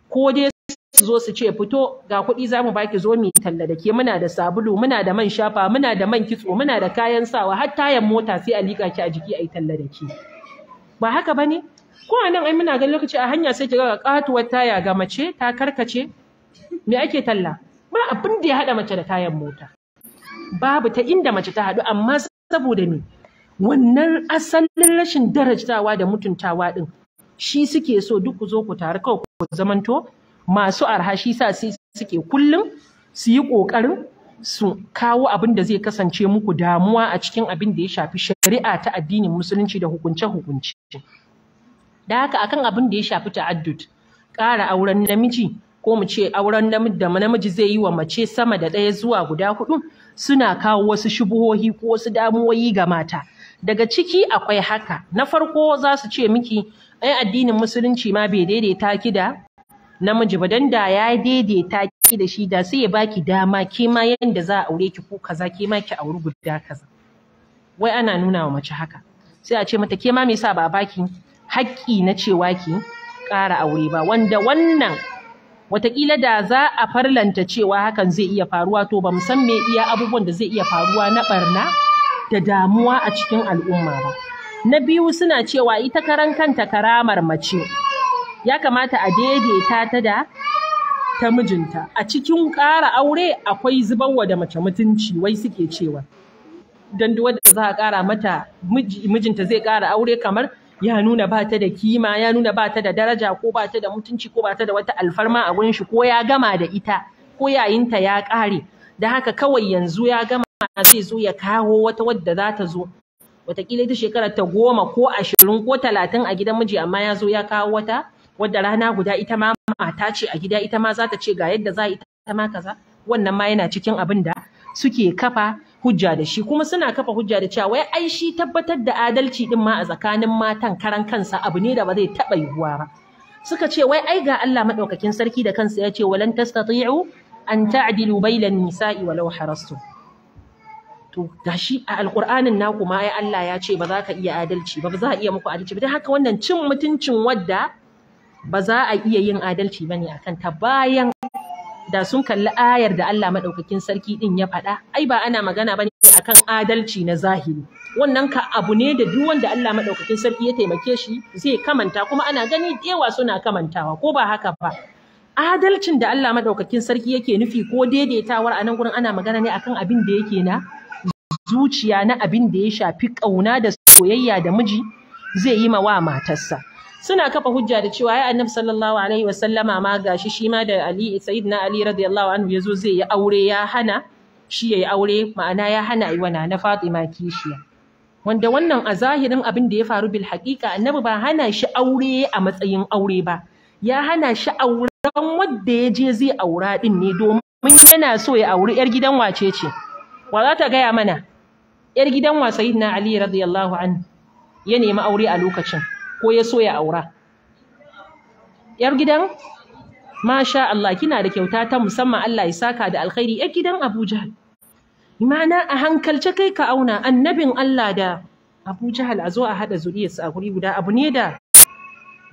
ko dai su zo su ce fito ga kuɗi za mu baki zo mu talla da ke muna da sabulu muna da man shafa muna da man kitso muna da kayan sawa har tayan mota sai a liƙa ki a jiki a yi talla da ke ba haka ba ne ko a nan ai muna ganin lokaci a hanya sai ki ga katuwar taya ga mace ta karkace me ake talla ba abin da ya haɗa mace da tayan mota babu ta inda mace ta haɗu amma saboda me wannan asalin rashin darajtawa da mutuntawa ɗin shi suke so duk ku zo ku taru kawai ku zamanto masu arha shi sa sai suke kullum su yi ƙoƙarin su kawo abin da zai kasance muku damuwa a cikin abin da ya shafi shari'a ta addinin musulunci da hukunce-hukunce. Da haka akan abin da ya shafi ta'addud, ƙara auren namiji ko mu ce auren da namiji zai yi wa mace sama da ɗaya zuwa guda hudu suna kawo wasu shubuhohi ko wasu damuwoyi ga mata. Daga ciki akwai haka, na farko za su ce miki, ai addinin musulunci ma bai daidaita ki da namiji ba dan da ya daidaita ki da shi da sai ya baki dama ke ma yanda za a aure ki ko kaza ke ma ki auri guda kaza wai ana nuna wa mace haka sai a ce mata ke ma me yasa ba baki haƙƙi na cewa ki ƙara aure ba wanda wannan watakila da za a farlanta cewa hakan zai iya faruwa to ba mu san me iya abubuwan da zai iya faruwa na barna da damuwa a cikin al'umma ba na biyu suna cewa ita karan kanta karamar mace ya kamata a daidaita ta da ta mijinta a cikin ƙara aure akwai zubarwa da mace mutunci wai suke cewa don duk wanda za a ƙara mata mijinta zai ƙara aure kamar ya nuna ba ta da kima ya nuna ba ta da daraja ko ba ta da mutunci ko ba ta da wata alfarma a gurin shi ko ya gama da ita ko yayinta ya ƙare da haka kawai yanzu ya gama zai zo ya kawo wata wadda za ta zo watakila ta shekara ta goma ko ashirin ko talatin a gidan miji amma ya zo ya kawo wata wadda rana guda ita ma mata ce a gida ita ma za ta ce ga yadda za ita ma kaza wannan ma yana cikin abin da suke kafa hujja da shi kuma suna kafa hujja da cewa wai ai shi tabbatar da adalci din ma a tsakanin matan karan kansa abu ne da ba zai taɓa yiwuwa ba suka ce wai ai ga Allah madaukakin sarki da kansa ya ce walan tastati'u an ta'dilu bainan nisa'i walau harastu to gashi a alqur'anin naku ma ai Allah ya ce ba za ka iya adalci ba ba za a iya muku adalci ba dan haka wannan cin mutuncin wadda ba za a iya yin adalci ba ne a kanta bayan da sun kalli ayar da Allah maɗaukakin sarki ɗin ya faɗa ai ba ana magana ba ne akan adalci na zahiri wannan ka abu ne da duk wanda Allah maɗaukakin sarki ya taimake shi zai kamanta kuma ana gani dewa suna kamantawa ko ba haka ba adalcin da Allah maɗaukakin sarki yake nufi ko daidaitawar a nan gurin ana magana ne akan abin da yake na zuciya na abin da ya shafi ƙauna da soyayya da miji zai yi ma wa matarsa suna kafa hujja da cewa ya annabi sallallahu alaihi wa sallama ma gashi shi ma da Ali sayyidina Ali radiyallahu anhu yazo zai yi aure ya hana shi yayi aure ma'ana ya hana yi wana na Fatima kishiya wanda wannan a zahirin abin da ya faru bil haqiqa annabi ba hana shi aure a matsayin aure ba ya hana shi auren wanda ya je zai aura din ne domin yana so ya auri yar gidan wace ce wa za ta gaya mana yar gidan wa sayyidina Ali radiyallahu anhu ya nemi aure a lokacin ko ya so ya aura yar gidan masha Allah kina da kyauta ta musamman Allah ya saka da alkhairi yar gidan Abuja imana a hankalce kai ka auna annabin Allah da Abu Jahal a zo a haɗa zuriyarsa a guri guda abu ne da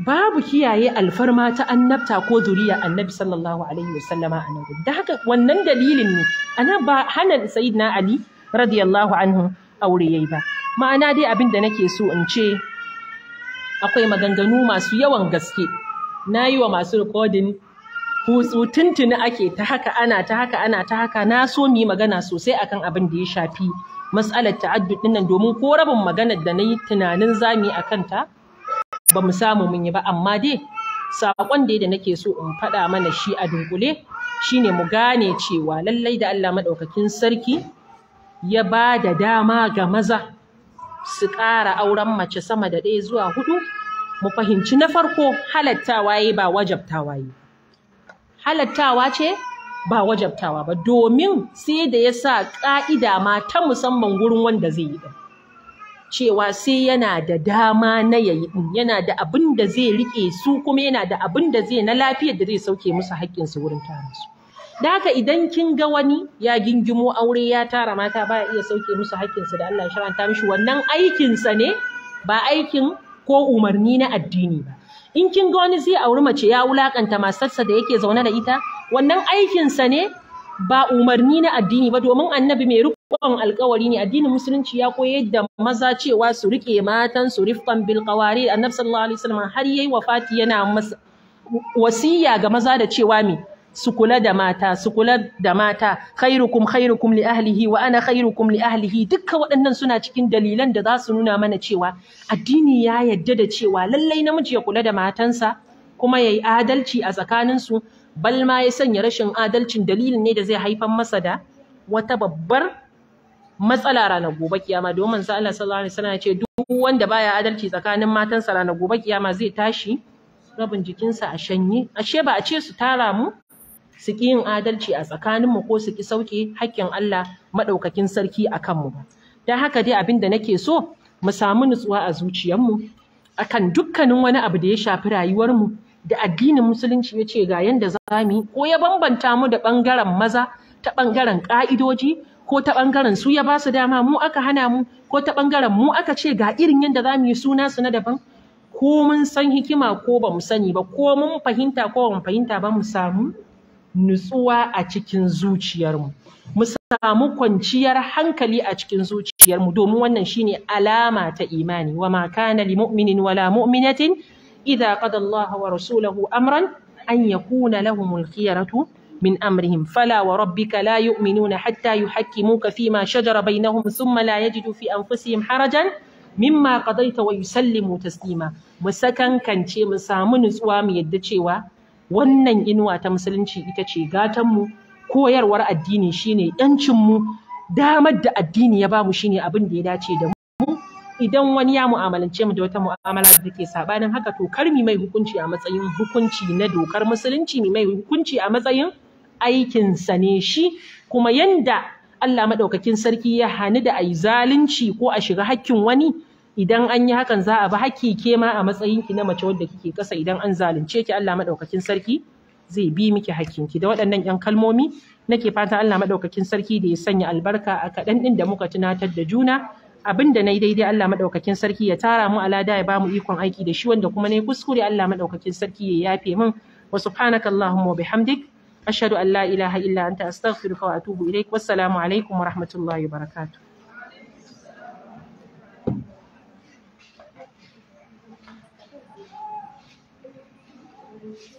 babu kiyaye alfarma ta annabta ko zuriya annabi sallallahu alaihi wasallama a nan da haka wannan dalilin ne anan ba hana sayyidina Ali radiyallahu anhu aure yayi ba ma'ana dai abin da nake so in ce akwai maganganu masu yawan gaske na yi wa masu rikodin hutsu tuntuni ake ta haka ana ta haka ana ta haka na so mu yi magana sosai akan abin da ya shafi matsalar ta'addud din nan domin ko rabin maganar da na yi tunanin zami a kanta ba mu samu mun yi ba amma dai saƙon da da nake so in faɗa mana shi a dunkule shine mu gane cewa lallai da Allah maɗaukakin sarki ya ba da dama ga maza su ƙara auren mace sama da ɗaya zuwa huɗu, mu fahimci na farko halattawa yi ba wajabtawa yi halattawa ce ba wajabtawa ba domin sai da ya sa ƙa'ida ma ta musamman gurin wanda zai yi ɗin cewa sai yana da dama na yayi ɗin yana da abin da zai riƙe su kuma yana da abin da zai na lafiyar da zai sauke musu haƙƙinsu wurin tara su da haka idan kin ga wani ya gingimo aure ya tara mata ba iya sauke musu haƙƙinsu da Allah ya sharanta mishi wannan aikinsa ne ba aikin ko umarni na addini ba in kin ga wani zai auri mace ya wulakanta masarsa da yake zaune da ita wannan aikinsa ne ba umarni na addini ba domin annabi mai rikon alkawari ne addinin musulunci ya koyar da maza cewa su rike matan su rifkan bil qawari annabi sallallahu alaihi wasallam har yayi wafati yana masa wasiya ga maza da cewa me su kula da mata su kula da mata khairukum khairukum li ahlihi wa ana khairukum li ahlihi dukkan waɗannan suna cikin dalilan da za su nuna mana cewa addini ya yadda da cewa lallai namiji ya kula da matansa kuma yayi adalci a tsakaninsu bal ma ya sanya rashin adalcin dalilin ne da zai haifar masa da wata babbar matsala ranar gobe kiyama domin manzo Allah sallallahu alaihi wasallam ya ce duk wanda baya adalci tsakanin matansa ranar gobe kiyama zai tashi rabin jikinsa a shanye ashe ba a ce su tara mu su ƙi yin adalci a tsakaninmu ko su ƙi sauke haƙƙin Allah maɗaukakin sarki a kanmu. Don haka dai abin da nake so mu samu nutsuwa a zuciyarmu akan dukkanin wani abu da ya shafi rayuwarmu da addinin musulunci ya ce ga yanda za mu ko ya bambanta mu da ɓangaren maza ta ɓangaren ƙa'idoji ko ta ɓangaren su ya ba su dama mu aka hana mu ko ta ɓangaren mu aka ce ga irin yadda za mu yi suna su na daban ko mun san hikima ko ba mu sani ba ko mun fahimta ko ba mu fahimta ba mu samu nutsuwa a cikin zuciyarmu mu samu kwanciyar hankali a cikin zuciyarmu domin wannan shine alama ta imani wa ma kana li mu'minin wala mu'minatin idza qada Allah wa rasuluhu amran an yakuna lahumul khiyaratu min amrihim fala wa rabbika la yu'minuna hatta yuhakkimuka fima shajara bainahum thumma la yajidu fi anfusihim harajan mimma qadaita wa yusallimu taslima mu sakankance mu samu nutsuwa mu yadda cewa wannan inuwa ta musulunci ita ce gatanmu koyarwar addini shine mu damar da addini ya bamu shine abin da ya dace da mu idan wani ya mu'amalance mu da wata mu'amala da take sabanin haka to karmi mai hukunci a matsayin hukunci na dokar musulunci mai hukunci a matsayin aikinsa ne shi kuma yanda Allah maɗaukakin sarki ya hani da a yi zalunci ko a shiga hakkin wani idan an yi hakan za a bi haƙƙi ke ma a matsayin ki na mace wadda kike ƙasa idan an zalunce ki Allah madaukakin sarki zai bi miki hakkin ki da waɗannan ƴan kalmomi nake fata Allah madaukakin sarki da ya sanya albarka a kaɗan ɗin da muka tunatar da juna abin da na yi daidai Allah maɗaukakin sarki ya tara mu alada ya bamu ikon aiki da shi wanda kuma na kuskure Allah maɗaukakin sarki ya yafe min wa subhanaka Allahumma wa bihamdik ashhadu an la ilaha illa anta astaghfiruka wa atubu ilaik wassalamu alaikum wa rahmatullahi wa barakatuh